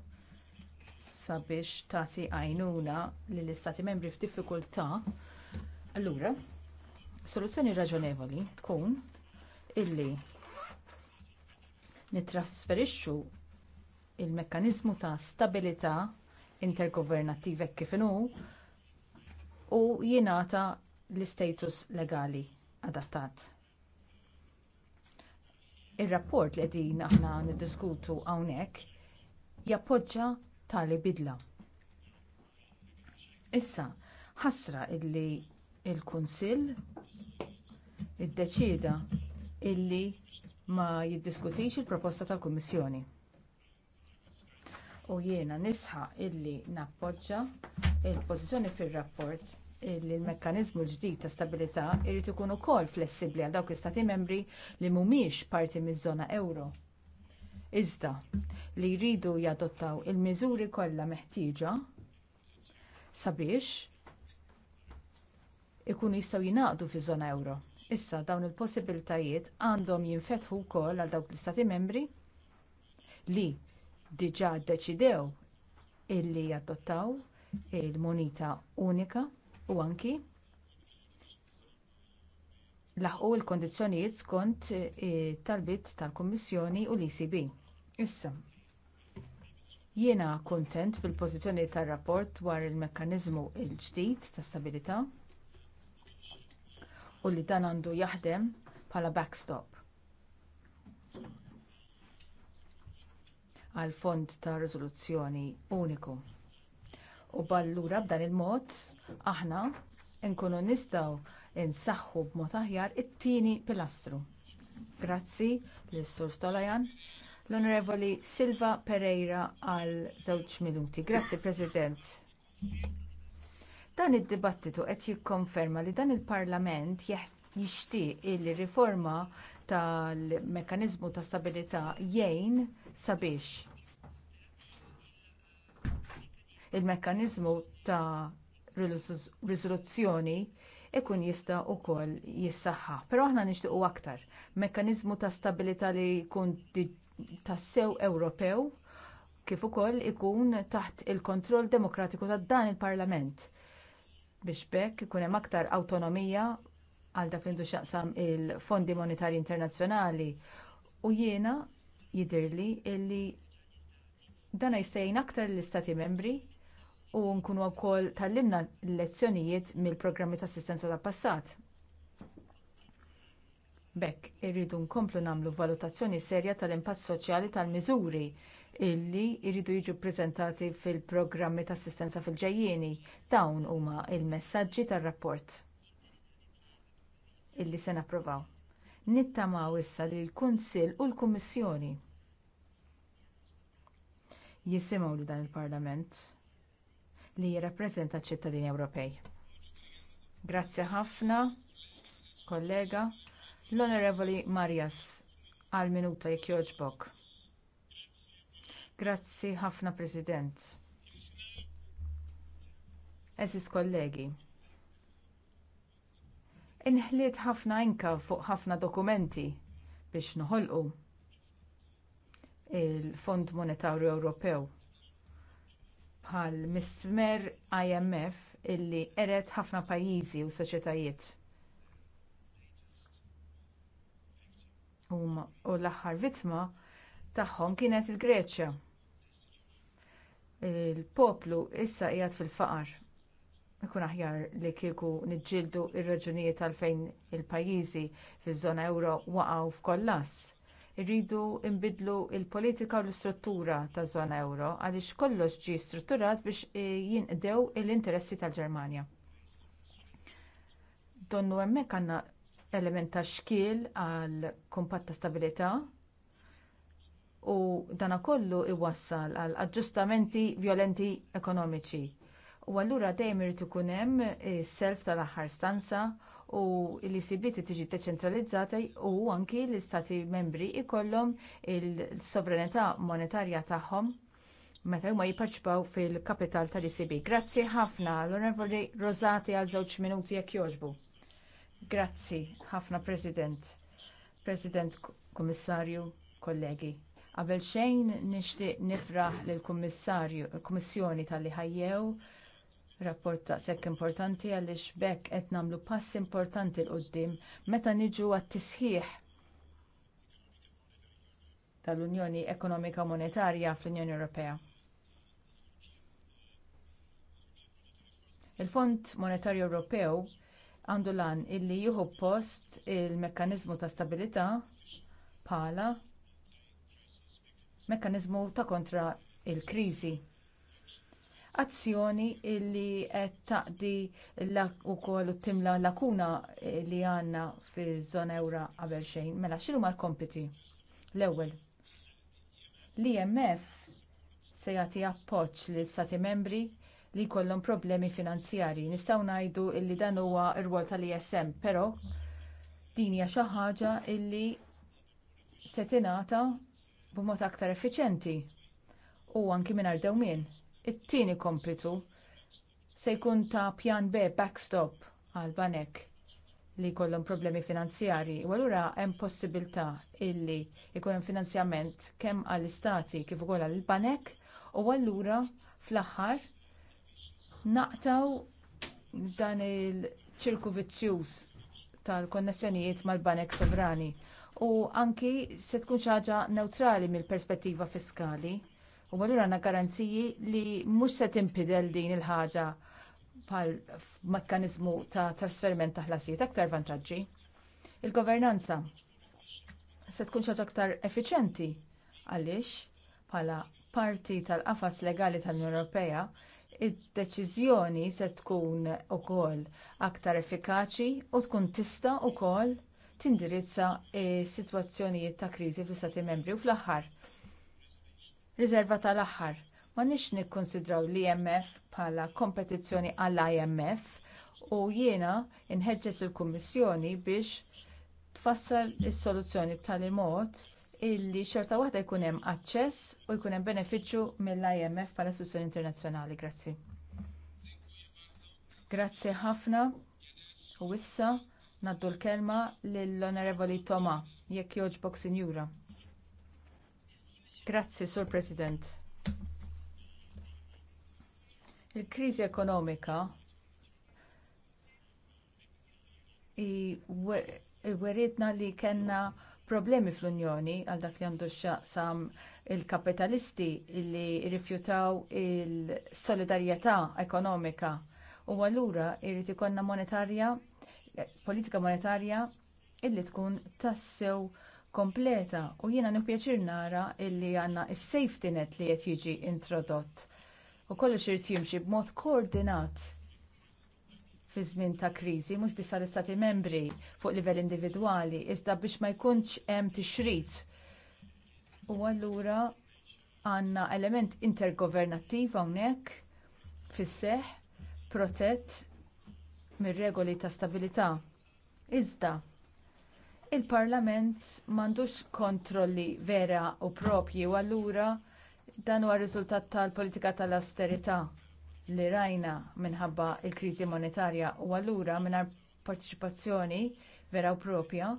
sabiex tati għajnuna li l istati membri f'diffikultà, allura Soluzzjoni raġonevoli tkun illi nitrasferixxu l mekkaniżmu ta' stabilità intergovernattiva kif inhu u jingħata l-istatus legali adattat. Ir-rapport li qegħdin aħna niddiskutu hawnhekk jappoġġja tali bidla. Issa, ħasra illi l il kunsill Iddeċida illi ma jiddiskutix il-proposta tal-Kummissjoni. U jiena nisħa illi nappoġġa il-pożizzjoni fir-rapport li l mekkanizmu l-ġdid ta' stabilità jrid ikun ukoll flessibbli għal dawk l-istati membri li mhumiex parti miż-żona euro. Iżda li jridu jadottaw il-miżuri kollha meħtieġa sabiex ikunu jistgħu jingħaqdu fiż-żona euro. Issa dawn il-possibiltajiet għandhom jinfetħu wkoll għal dawk l-istati membri li diġà ddeċidew illi jadottaw il-munita unika u anki laħqu l-kondizzjonijiet skont eh, talbiet tal-Kummissjoni u l-ECB. Issa, jiena kuntent fil-pożizzjoni tar-rapport dwar il-mekkaniżmu l-ġdid ta' stabilità u li dan għandu jaħdem bħala backstop għal fond ta' Rizoluzzjoni uniku. U ballura b'dan il-mod aħna nkunu nistgħu nsaħħu b'mod aħjar it-tieni pilastru. Grazzi lis sur Stolajan, l-Onorevoli Silva Pereira għal żewġ minuti. Grazzi President. Dan id-dibattitu qed jikkonferma li dan il-Parlament jixtieq li riforma tal-mekanizmu ta' stabilità jgħin sabiex il-mekkaniżmu ta' riżoluzzjoni ikun jista' wkoll jissaħħa. Però aħna nixtiequ aktar mekkaniżmu ta' stabilità li jkun tassew Ewropew kif ukoll ikun taħt il-kontroll demokratiku ta' dan il-Parlament biex bekk ikun hemm aktar awtonomija għal dak li xaqsam il-Fondi Monetari Internazzjonali u jiena jidirli illi dana jistejjin aktar l-Istati membri u nkunu wkoll tallimna lezzjonijiet mill-programmi ta' assistenza ta' passat. B'hekk irridu nkomplu nagħmlu valutazzjoni serja tal-impatt soċjali tal-miżuri illi jridu jiġu ppreżentati fil-programmi ta' assistenza fil-ġejjieni. Dawn huma l messaġġi tar-rapport illi se napprovaw. Nittamaw issa li l-Kunsill u l-Kummissjoni jisimgħu li dan il-Parlament li jirrappreżenta ċ-ċittadini Ewropej. Grazzi ħafna, kollega. L-Onorevoli Marias, għal minuta jekk jogħġbok. Grazzi ħafna President. Eżis kollegi. Inħliet ħafna inka fuq ħafna dokumenti biex noħolqu il-Fond Monetarju Ewropew bħal mismer IMF illi eret ħafna pajjiżi u soċjetajiet. U l-aħħar vittma tagħhom kienet il-Greċja il-poplu issa qiegħed fil-faqar. Ikun aħjar li kieku niġġieldu r raġunijiet għalfejn il-pajjiżi fiż-żona ewro waqgħu f'kollass. Irridu nbiddlu l politika u l-istruttura taż-żona ewro għaliex kollox ġie strutturat biex e, jinqdew l-interessi tal-Ġermanja. Donnu hemmhekk għandna element ta' xkiel għall kumpatt ta' stabilità u dana kollu iwassal għal aġġustamenti vjolenti ekonomiċi. U allura dejjem irid ikun hemm is-self tal-aħħar stanza u l-ICBT tiġi deċentralizzata u anki l-istati membri jkollhom il-sovranità monetarja tagħhom meta huma jipparċipaw fil-kapital tal-ICB. Grazzi ħafna l-Onorevoli Rosati għal żewġ minuti jekk jogħġbu. Grazzi ħafna President, President Kummissarju, kollegi. Qabel xejn nixtieq nifraħ lill kummissarju kummissjoni talli ħajjew rapport daqshekk importanti għaliex b'hekk qed nagħmlu pass importanti l quddiem meta niġu għat-tisħiħ tal-Unjoni Ekonomika Monetarja fl-Unjoni Ewropea. Il-Fond Monetarju Ewropew għandu lan illi jieħu post il-mekkaniżmu ta' stabilità bħala mekkaniżmu ta' kontra il-kriżi. Azzjoni li qed taqdi wkoll u timla lakuna li għandna fiż-żona ewra qabel xejn. Mela x'inhuma l-kompiti? L-ewwel. L-IMF se jagħti appoġġ lill stati membri li jkollhom problemi finanzjarji. Nistgħu ngħidu li dan huwa r-rwol tal-ISM, però din hija xi ħaġa li se tingħata b'mod aktar effiċjenti u anki mingħajr min. It-tieni kompitu se jkun ta' pjan B backstop għal banek li jkollhom problemi finanzjarji u allura hemm possibilità illi jkun hemm finanzjament kemm għall-istati kif ukoll għall-banek u allura fl-aħħar naqtaw dan il-ċirku vizzjuż tal-konnessjonijiet mal-banek sovrani u anki se tkun xi ħaġa newtrali mill-perspettiva fiskali. U allura għanna garanziji li mhux se timpidel din il-ħaġa bħal mekkaniżmu ta' trasferiment ta' ħlasijiet aktar vantaġġi. Il-governanza se tkun xaġa aktar efficienti għaliex bħala parti tal-qafas legali tal-Unjoni Ewropea id-deċiżjoni se tkun ukoll aktar effikaċi u tkun tista' wkoll tindirizza e, sitwazzjonijiet ta' kriżi fl-istati membri u fl-aħħar riserva tal-aħħar m'għandniex nikkunsidraw l-imf bħala kompetizzjoni għall-imf u jiena nħeġġeġ il-kummissjoni biex tfassal is-soluzzjoni b'tali mod illi xorta waħda jkun hemm aċċess u jkun hemm benefiċċju mill-imf bħala istituzzjoni internazzjonali grazzi grazzi ħafna u issa Naddu l-kelma lill-Onorevoli Toma, jekk jogħġbok sinjura. Grazzi, Sur President. Il-kriżi ekonomika weritna li kellna problemi fl-Unjoni għal dak li għandu sam il-kapitalisti li rifjutaw il-solidarjetà ekonomika u allura jrid ikollna monetarja politika monetarja illi tkun tassew kompleta u jiena nipjaċir nara illi għandna s safety net li qed jiġi introdott u kollox irid jimxi b'mod koordinat fi żmien ta' kriżi mhux biss għall-istati membri fuq livell individwali iżda biex ma jkunx hemm tixrid. U allura għandna element intergovernattiv hawnhekk fis-seħħ protett mir-regoli ta' stabilità. Iżda, il-Parlament m'għandux kontrolli vera u proprji u allura dan huwa riżultat tal-politika tal-austerità li rajna minħabba l kriżi monetarja u allura mingħajr parteċipazzjoni vera u proprja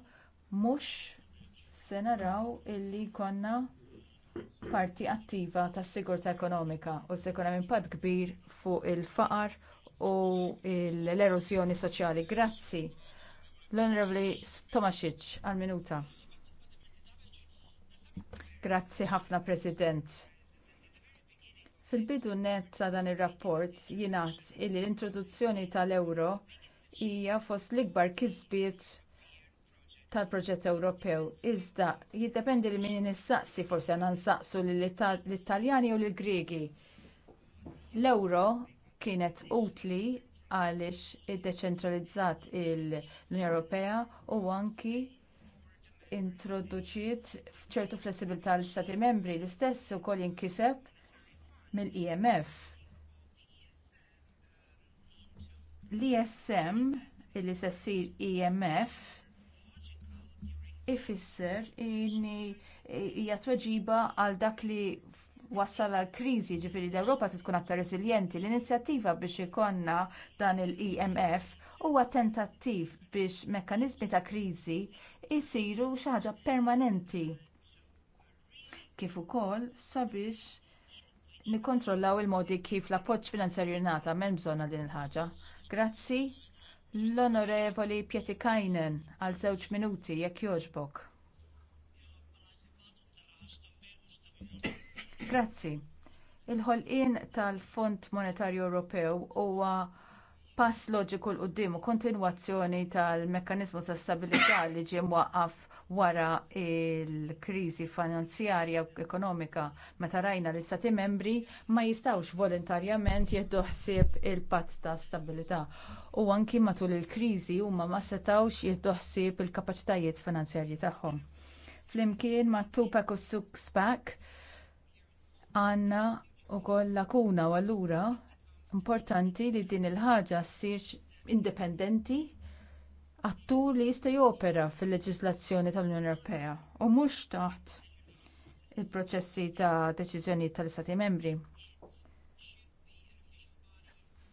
mhux se naraw illi jkollna parti attiva tas-sigurtà ekonomika u se jkun hemm impatt kbir fuq il-faqar u l-erosjoni soċjali. Grazzi. L-Onorevoli Tomasic għal minuta. Grazzi ħafna President. Fil-bidu nett ta' dan ir-rapport jingħad li l-introduzzjoni tal ewro hija fost l-ikbar kisbiet tal-proġett Ewropew. Iżda jiddependi li min nistaqsi forsi għandna nsaqsu lill-Italjani u lill-Griegi. l euro kienet utli għaliex iddeċentralizzat l-Unjoni Ewropea u anki introduċiet ċertu flessibilità l istati membri l-istess ukoll jinkiseb mill-IMF. L-ISM illi se ssir IMF e ifisser hija tweġiba għal dak li wassal għal kriżi ġifiri l-Ewropa tkun aktar reżiljenti. L-inizjattiva biex ikonna dan il-EMF huwa tentattiv biex mekkaniżmi ta' kriżi jsiru xi ħaġa permanenti. Kif ukoll sabiex nikkontrollaw il-modi kif l-appoġġ finanzjarju nata m'hemm bżonna din il-ħaġa. Grazzi l-Onorevoli Pietikajnen għal żewġ minuti jekk jogħġbok. Grazzi. Il-ħolqien tal-Fond Monetarju Ewropew huwa pass loġiku l-qoddim u kontinwazzjoni tal-mekkanizmu ta' stabilità li ġie mwaqqaf wara l kriżi finanzjarja u ekonomika meta rajna li stati membri ma jistawx volontarjament jeddu ħsieb il-patt ta' stabilità u anki matul il-kriżi huma ma setawx jeddu ħsieb il-kapaċitajiet finanzjarji tagħhom. Flimkien ma' tupac u Six Pack u wkoll lakuna u allura importanti li din il-ħaġa ssirx indipendenti attur li jista' jopera fil-leġiżlazzjoni tal-Unjoni Ewropea u mhux taħt il-proċessi ta' deċiżjonijiet tal-Istati membri.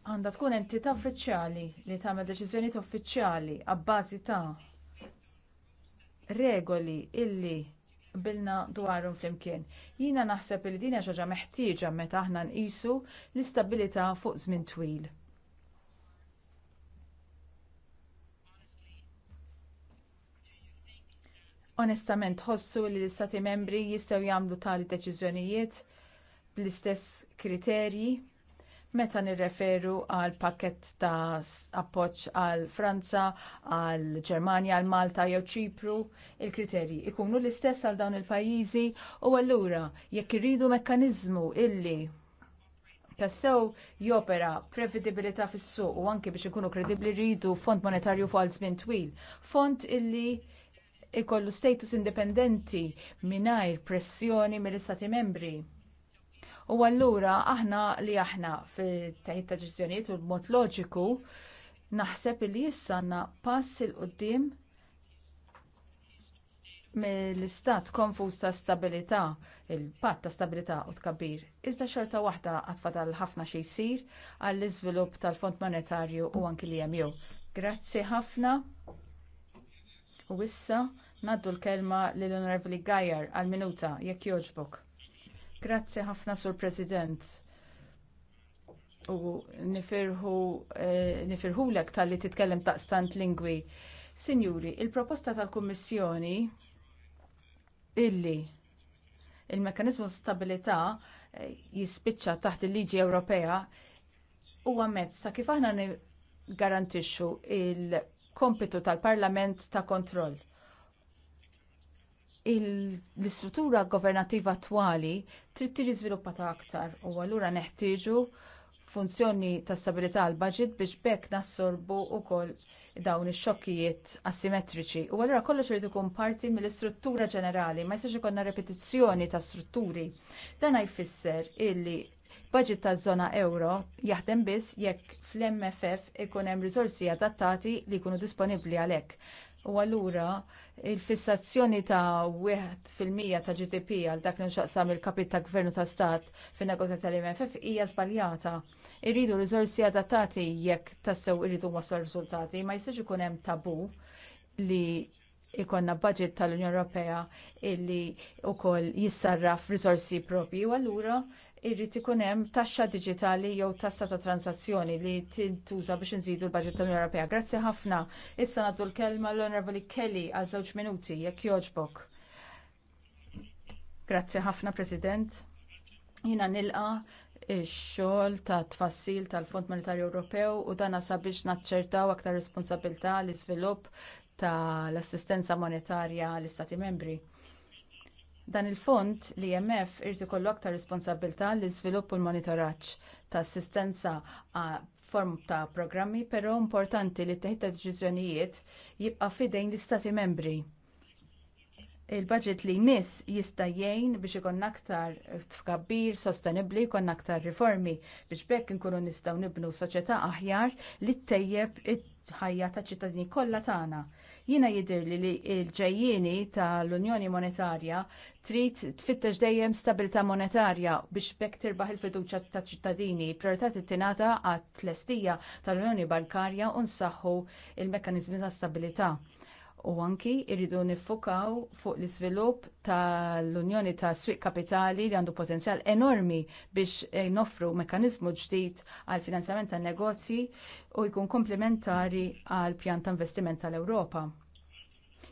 Għandha tkun entità uffiċjali li tagħmel deċiżjonijiet uffiċjali għabbażi ta' regoli illi bilna dwarum flimkien. Jiena naħseb li din hija ħaġa meħtieġa meta aħna nqisu l-istabilità fuq żmien twil. Onestament, ħossu li l-istati membri jistgħu jagħmlu tali deċiżjonijiet bl-istess kriterji meta nirreferu għal pakket ta' appoġġ għal Franza, għal Ġermania, għal Malta jew Ċipru, il-kriterji ikunu l-istess għal dawn il-pajjiżi u allura jekk irridu mekkaniżmu illi tassew jopera prevedibilità fis-suq u anke biex ikunu kredibbli rridu fond monetarju fuq għal żmien twil. Fond illi ikollu status indipendenti mingħajr pressjoni mill-Istati membri U allura aħna li aħna fit-tajt ta' ġizjoniet u l-mod loġiku naħseb li issa għandna pass il qudiem mill-istat konfuż ta' stabilità, il-patt ta' stabilità u tkabbir. Iżda xorta waħda għatfadal ħafna xi jsir għall iżvilupp tal-Fond Monetarju u anki li jemju. Grazzi ħafna. U issa naddu l-kelma lill onorevoli Gajar għal minuta jekk jogħġbok. Grazzi ħafna sur President. U nifirħu eh, nifirħulek tal-li titkellem taqstant lingwi. Signuri, il-proposta tal-Kummissjoni illi il-mekanizmu stabilità eh, jispiċċa taħt il-liġi Ewropea huwa mezz ta' kif aħna garantixxu il-kompitu tal-Parlament ta' kontroll l-istruttura governattiva attwali trid tiġi żviluppata aktar u allura neħtieġu funzjoni ta' stabilità għall budget biex bekk nassorbu wkoll dawn ix-xokkijiet asimetriċi. U allura kollox irid ikun parti mill-istruttura ġenerali, ma jistax ikonna repetizzjoni ta' strutturi. Dan jfisser illi budget taż żona euro jaħdem biss jekk fl-MFF ikun hemm riżorsi adattati li jkunu disponibbli għalhekk. U allura il-fissazzjoni ta' 1% ta' GDP għal dak li nxaqsam il-kapit ta' gvernu ta' stat fin negozjat tal-MFF hija żbaljata. Irridu riżorsi adattati jekk tassew irridu waslu riżultati, ma jistax ikun hemm tabu li ikonna budget tal-Unjoni Ewropea illi wkoll jissarraf riżorsi propji u allura irrid ikun hemm taxxa diġitali jew tassa ta' transazzjoni li tintuża biex inżidu l baġit tal-Unjoni Ewropea. Grazzi ħafna. Issa nagħtu l-kelma l-Onorevoli Kelly għal żewġ minuti jekk jogħġbok. Grazzi ħafna, President. Jiena nilqa ix-xogħol ta' tfassil tal-Fond Monetarju Ewropew u dan sabiex naċċertaw aktar responsabilità l-iżvilupp tal-assistenza monetarja l-Istati membri Dan il-fond li IMF e irti kollu aktar responsabilità li iżvilupp u l-monitoraġġ ta' assistenza form ta' programmi, però importanti li teħta deċiżjonijiet jibqa' fidejn l-Istati membri il-budget li jmiss jista' jgħin biex ikun aktar tkabbir sostenibbli, jkun aktar riformi biex bekk inkunu nistgħu nibnu soċjetà aħjar li ttejjeb ħajja taċ ċittadini kollha tagħna. Jiena jidhirli li l-ġejjieni tal-Unjoni Monetarja trid tfittex dejjem stabilità monetarja biex bekk tirbaħ il-fiduċja taċ ċittadini. Priorità tingħata għat tlestija tal-Unjoni Bankarja u nsaħħu l mekkaniżmi ta' stabilità u anki jridu niffukaw fuq l-iżvilupp tal-Unjoni ta' Swieq Kapitali li għandu potenzjal enormi biex eh, noffru mekkaniżmu ġdid għal finanzjament tan negozji u jkun komplementari għal pjan ta' investiment tal-Ewropa.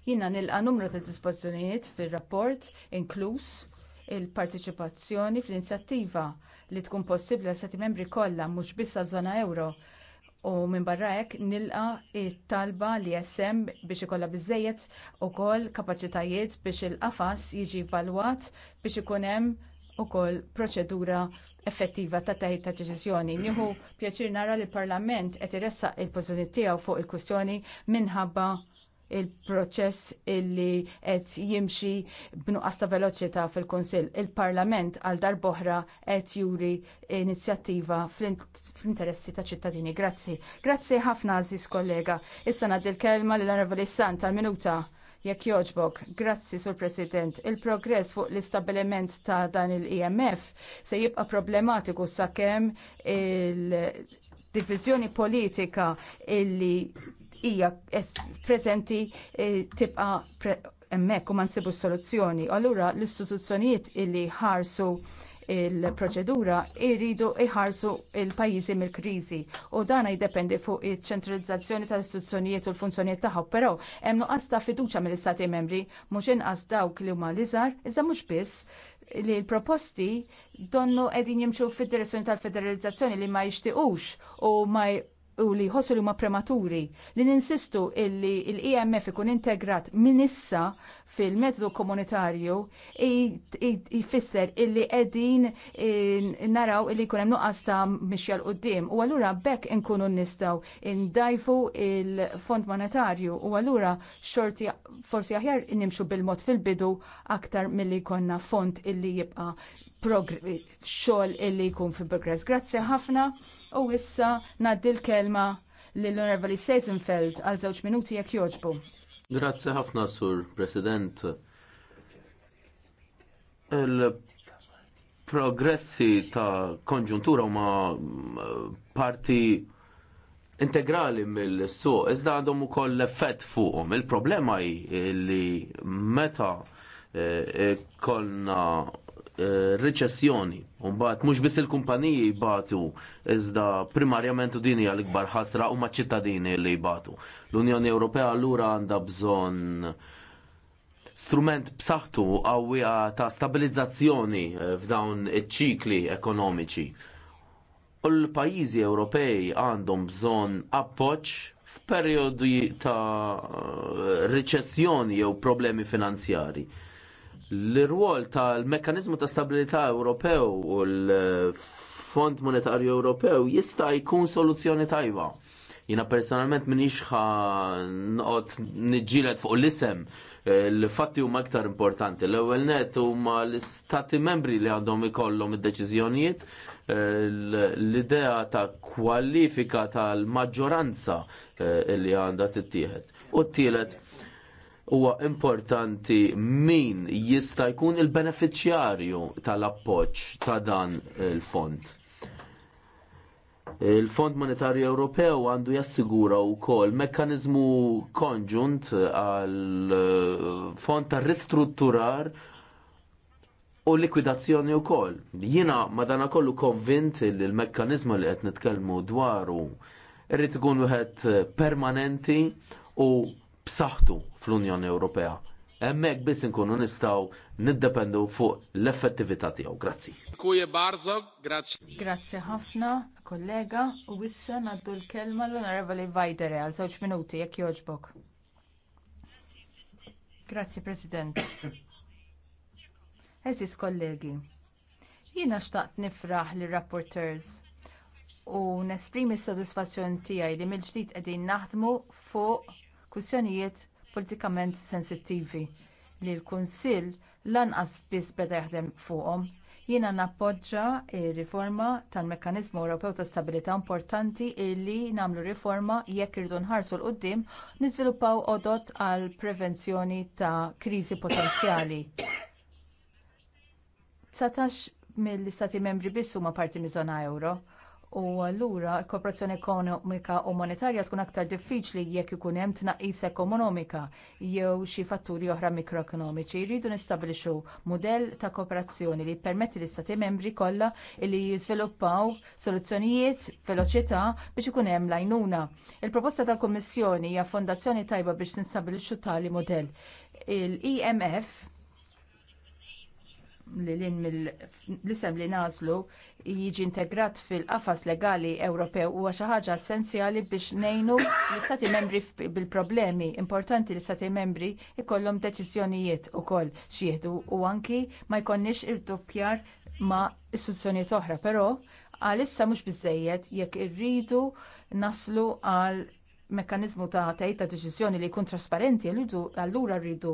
Jina nilqa' numru ta' dispozizjonijiet fir-rapport inkluż il-partiċipazzjoni fl-inizjattiva li tkun possibbli għal membri kollha mhux biss għaż-żona ewro u minn barra hekk nilqa it-talba li jessem biex ikollha biżżejjed ukoll kapaċitajiet biex il-qafas jiġi valwat biex ikun hemm ukoll proċedura effettiva ta' taħid ta' deċiżjoni. Nieħu pjaċir nara li l-Parlament qed iressaq il-pożizzjoni tiegħu fuq il-kwistjoni minħabba il-proċess illi qed jimxi b'nuqqas ta' veloċità fil-Kunsill. Il-Parlament għal darb'oħra qed juri inizjattiva fl-interessi ta' ċittadini. Grazzi. Grazzi ħafna Aziz kollega. Issa ngħaddi l-kelma lil Honorable Sant tal-minuta. Jekk jogħġbok, grazzi sur President, il-progress fuq l-istabbiliment ta' dan il-IMF se jibqa' problematiku sakemm il-diviżjoni politika illi hija prezenti e, tibqa' hemmhekk u ma nsibu soluzzjoni. Allura l-istituzzjonijiet illi ħarsu il-proċedura jridu iħarsu l pajjiżi mill-kriżi u dan jiddependi fuq iċ-ċentralizzazzjoni tal-istituzzjonijiet u l-funzjonijiet tagħhom, però hemm nuqqas ta' fiduċja mill-istati membri mhux inqas dawk li huma l-iżgħar, iżda mhux biss li l-proposti donnu edin jimxu fil-direzzjoni tal-federalizzazzjoni li ma jixtiqux u ma u li jħossu li huma prematuri li ninsistu illi l-IMF ikun integrat minn issa fil-metodu komunitarju jfisser illi qegħdin eh, naraw illi jkun hemm nuqqas ta' mixjal qudiem u allura bekk inkunu nistgħu ndajfu il-Fond Monetarju u allura xorti forsi aħjar nimxu bil-mod fil-bidu aktar milli jkollna fond illi jibqa' xogħol illi jkun fi progress. Grazzi ħafna u issa ngħaddi l-kelma lill-Onorevoli Seisenfeld għal żewġ minuti jekk jogħġbu. Grazzi ħafna sur President. Il-progressi ta' konġuntura ma eh, parti integrali mill-suq, iżda għandhom ukoll effett fuqhom. Il-problema hi li meta e, e, Eh, riċessjoni. Umbat, mux biss il-kumpaniji jibatu, iżda primarjament u dini għal-ikbar ħasra u ċittadini li jibatu. L-Unjoni Ewropea allura għanda bżon strument b'saħħtu għawija ta' stabilizzazzjoni eh, f'dawn iċ-ċikli ekonomiċi. U l-pajjiżi Ewropej għandhom bżonn appoġġ f'perjodi ta' eh, riċessjoni jew problemi finanzjari. L-rwol tal-mekkanizmu ta' stabilità Ewropew u l-Fond Monetarju Ewropew jista' jkun soluzzjoni tajba. Jina personalment minix noqot nġilet fuq l-isem eh, l-fatti huma aktar importanti. L-ewwel net huma l-istati membri li għandhom ikollhom id-deċiżjonijiet eh, l-idea ta' kwalifika tal-maġġoranza eh, li għandha tittieħed. U t-tielet huwa importanti min jista' jkun il-beneficjarju tal-appoġġ ta' dan il-fond. Il-Fond Monetarju Ewropew għandu jassigura wkoll mekkaniżmu konġunt għal eh, fond ta' ristrutturar u likwidazzjoni wkoll. Jiena madanakollu konvint li l mekkanizmu li qed nitkellmu dwaru irrid ikun wieħed permanenti u b'saħħtu fl-Unjoni Ewropea. Hemmhekk biss inkunu nistgħu niddependu fuq l-effettività tiegħu. Grazzi. Kuj Barzo, grazzi. Grazzi ħafna, kollega, u issa ngħaddu l-kelma l-Onorevoli Vajdere għal żewġ minuti jekk jogħġbok. Grazzi President. Eżis kollegi, jiena xtaqt nifraħ lir rapporteurs u nesprimi s-sodisfazzjon tiegħi li mill-ġdid qegħdin naħdmu fuq diskussjonijiet politikament sensittivi li l-Kunsill lanqas biss beda jaħdem fuqhom. Jiena nappoġġa r-riforma tal-Mekkaniżmu Ewropew ta' Stabilità importanti li nagħmlu riforma jekk irdu nħarsu l qudiem niżviluppaw għodot għal prevenzjoni ta' kriżi potenzjali. Satax mill-istati membri biss huma parti miż-żona euro u allura l-kooperazzjoni ekonomika u monetarja tkun aktar diffiċli jekk ikun hemm tnaqqis ekonomika jew xi fatturi oħra mikroekonomiċi. Jridu nistabilixxu mudell ta' kooperazzjoni li jippermetti l-istati membri kollha li jiżviluppaw soluzzjonijiet veloċità biex ikun hemm l-għajnuna. Il-proposta tal-Kummissjoni hija fondazzjoni tajba biex tinstabilixxu tali mudell. Il-EMF li l-in mill-isem li nazlu jiġi integrat fil-qafas legali Ewropew huwa xi ħaġa essenzjali biex ngħinu l-istati membri bil-problemi importanti l-istati membri jkollhom deċiżjonijiet ukoll xieħdu. u anki ma jkollniex irdoppjar ma' istituzzjonijiet oħra, però għalissa mhux biżżejjed jekk irridu naslu għal mekkanizmu ta' tajt ta' deċiżjoni li jkun trasparenti allura rridu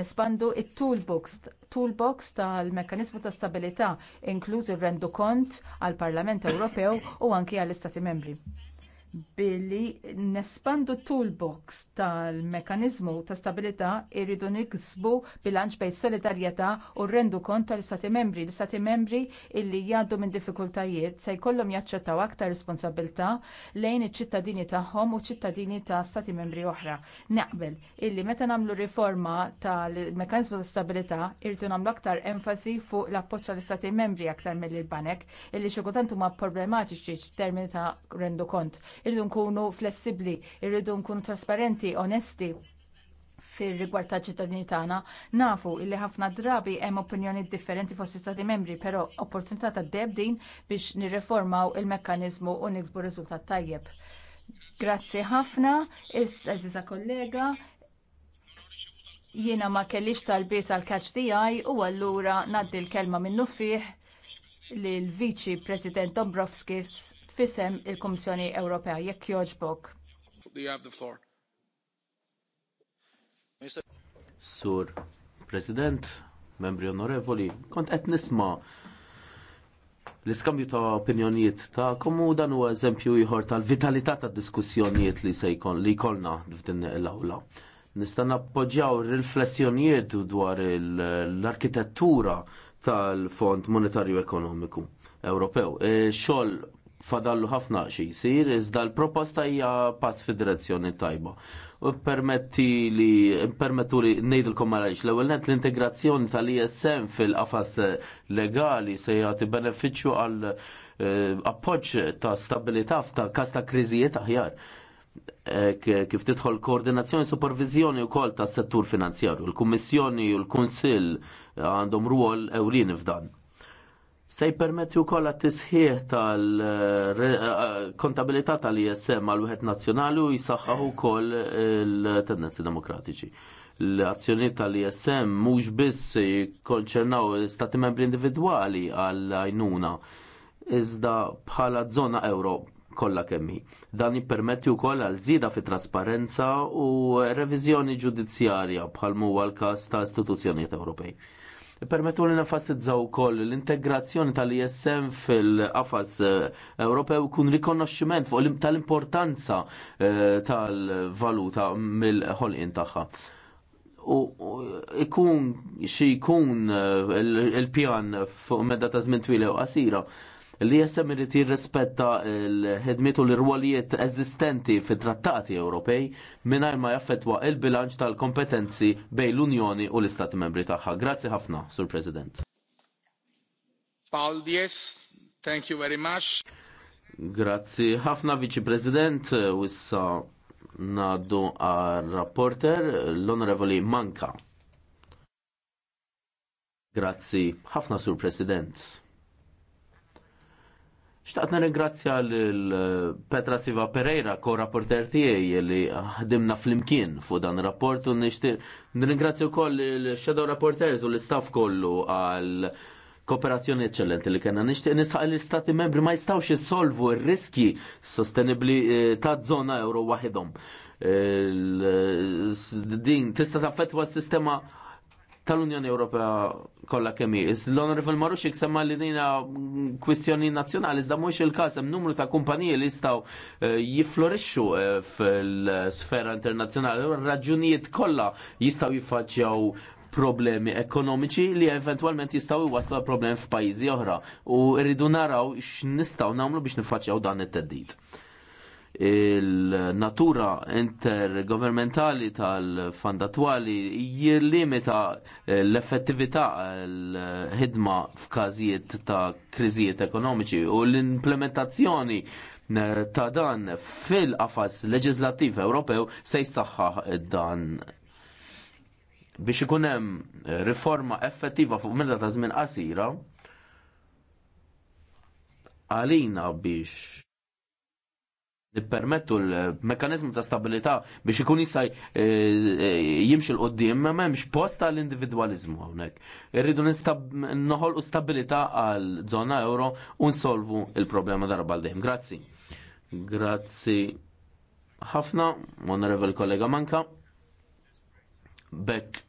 nespandu il-toolbox toolbox tal-mekkanizmu ta' stabilità inkluż ir-rendu kont għall-Parlament Ewropew u anki għall-Istati Membri billi nespandu toolbox tal-mekanizmu ta' stabilità irridu niksbu bilanċ bejn solidarjetà u rendu kont tal-Istati membri. L-Istati membri illi jgħaddu minn diffikultajiet se jkollhom jaċċettaw aktar responsabilità lejn iċ-ċittadini tagħhom u ċittadini ta' stati membri oħra. Naqbel illi meta nagħmlu riforma tal-mekanizmu ta' stabilità irridu nagħmlu aktar enfasi fuq l-appoġġ tal-Istati membri aktar mill-banek illi xi kultant huma problematiċi termini ta' rendu kont irridu nkunu flessibbli, irridu nkunu trasparenti, onesti fir rigward ta' ċittadini tagħna, nafu li ħafna drabi hemm opinjoni differenti fost istati membri, però opportunità ta' debdin biex nirreformaw il-mekkaniżmu u niksbu riżultat tajjeb. Grazzi ħafna, is eżiza kollega, jiena ma kellix talbiet tal catch tiegħi u allura ngħaddi l-kelma minnu fih lill-Viċi President Dombrovskis fisem il-Kummissjoni Ewropea jekk jogħġbok. Sur President, membri onorevoli, kont qed nisma' l-iskambju ta' opinjonijiet ta' komu dan huwa eżempju ieħor tal-vitalità tad diskussjonijiet li se jkun li jkollna f'din l-awla. Nista' nappoġġjaw riflessjonijiet dwar l-arkitettura tal-Fond Monetarju Ekonomiku Ewropew. E, xogħol fadallu ħafna xi jsir, iżda l-proposta hija pass fi direzzjoni tajba. U permetti li permettu li ngħidilkom għaliex l-ewwel net l-integrazzjoni tal-ISM fil-qafas legali se jagħti benefiċċju għal eh, appoġġ ta' stabilità ta' każ ta' kriżijiet aħjar eh, kif tidħol koordinazzjoni supervizjoni u kol ta' settur finanzjarju. l kummissjoni u l-Kunsill għandhom ruol ewlieni f'dan se jpermetti wkoll t-tisħiħ tal-kontabilità eh, tal-ISM għal wieħed nazzjonali u jisaħħaħ ukoll il-tendenzi demokratiċi. L-azzjoni tal-ISM mhux biss jikkonċernaw stati membri individwali għal ajnuna iżda bħala żona euro kollha kemm hi. Dan jippermetti wkoll għal zida fit trasparenza u reviżjoni ġudizzjarja bħal mu għal każ ta' istituzzjonijiet Ewropej. Permettu li nefassizzaw ukoll l-integrazzjoni tal-ISM fil-qafas eh, Ewropew kun rikonoxximent fuq tal-importanza eh, tal-valuta mill-ħolqien tagħha. U ikun xi jkun eh, il-pjan fuq medda ta' żmien twila u qasira li jessem irrit jirrispetta l ħedmitu u l-irwolijiet eżistenti fit trattati Ewropej mingħajr ma jaffetwa il-bilanċ tal-kompetenzi bejn l-Unjoni u l-Istati membri tagħha. Grazzi ħafna, Sur President. Paul Dies, thank you very much. Grazzi ħafna, Viċi President, wissa naddu għal-rapporter l-Onorevoli Manka. Grazzi ħafna, Sur President. Xtaqt nirringrazzja l-Petra eh, Siva Pereira, ko-rapporter tiegħi li ħdimna fl-imkien fuq dan n rapport u koll nirringrazzja wkoll il-Shadow Rapporters u l staff kollu għal kooperazzjoni eccellenti li kena nishtiq nisaq li stati membri ma jistawx jissolvu r-riski sostenibli eh, ta' zona euro wahidom. Eh, din tista' fetwa s-sistema tal-Unjoni Ewropea kollha kemm hi. L-Onorevol Maruxik semma li dina kwistjoni nazzjonali iżda mhux il-każ hemm numru ta' kumpaniji li jistgħu eh, jifflorixxu eh, fil-sfera internazzjonali u raġunijiet kollha jistgħu jiffaċċjaw problemi ekonomiċi li eventualment jistgħu jwaslu problemi f'pajjiżi oħra u rridu naraw x'nistgħu nagħmlu biex nifaċċjaw dan it-teddid il-natura intergovernmentali tal-fondatwali jirlimita eh, l-effettività l-ħidma f'każijiet ta' kriżijiet ekonomiċi u l-implementazzjoni eh, ta' dan fil-qafas leġislattiv Ewropew se jsaħħaħ dan biex ikun hemm riforma effettiva fuq minna ta' żmien qasira għalina biex nippermettu l-mekanizmu ta' stabilità biex ikun jista' eh, eh, jimxi l qoddim ma m'hemmx post għall individwaliżmu hawnhekk. Irridu u stabilità għal żona euro u nsolvu il-problema darba għal dejjem Grazzi. Grazzi ħafna, onorevol kollega Manka. Bek,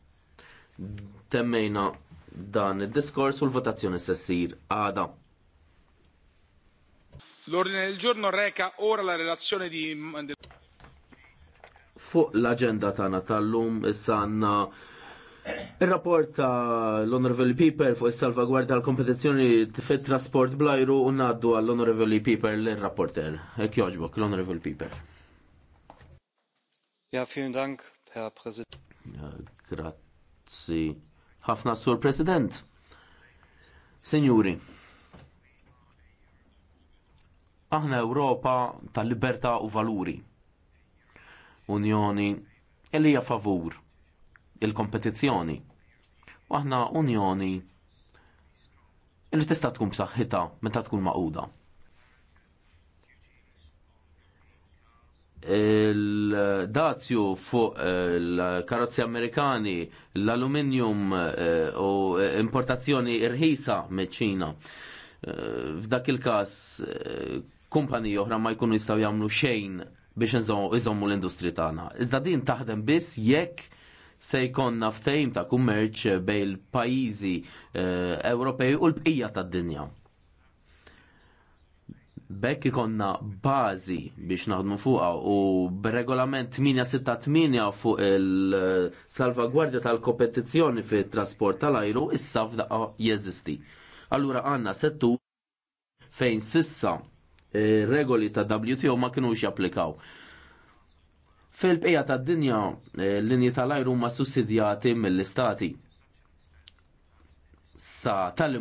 temmejna dan id-diskors u l-votazzjoni sessir għada. L-ordine del giorno reca ora la relazione di Fuq l-agenda tagħna tal-lum issa għandna Ir-rapport ta' l-Honorable Piper fuq is-salvagwardja tal-kompetizzjoni fit-trasport blajru u ngħaddu għall-Honorable Piper l-rapporter. Hekk jogħġbok l-Honorable Piper. Ja, Dank, Ja, grazzi. Ħafna sur President. Senjuri, Aħna Ewropa ta' libertà u valuri. Unjoni li hija favur il-kompetizzjoni. U aħna Unjoni li tista' tkun b'saħħitha meta tkun maquda. il-dazju fuq il-karozzi amerikani, l-aluminium eh, u importazzjoni irħisa me ċina eh, F'dak il-każ eh, kumpaniji oħra ma jkunu jistgħu jagħmlu xejn biex iżommu l-industri tagħna. Iżda din taħdem biss jekk se jkonna ftejm ta' kummerċ bej il-pajjiżi eh, Ewropej u l-bqija tad-dinja. Bekk ikonna bażi biex naħdmu fuqha u b'regolament 868 fuq il-salvagwardja tal-kompetizzjoni fit trasport tal-ajru issa f'daqa jeżisti. Allura għandna settu fejn sissa regoli ta' WTO ma kienu japplikaw. Fil-bqija ta' dinja eh, l-linji tal-ajru ma' sussidjati mill-istati. Sa tal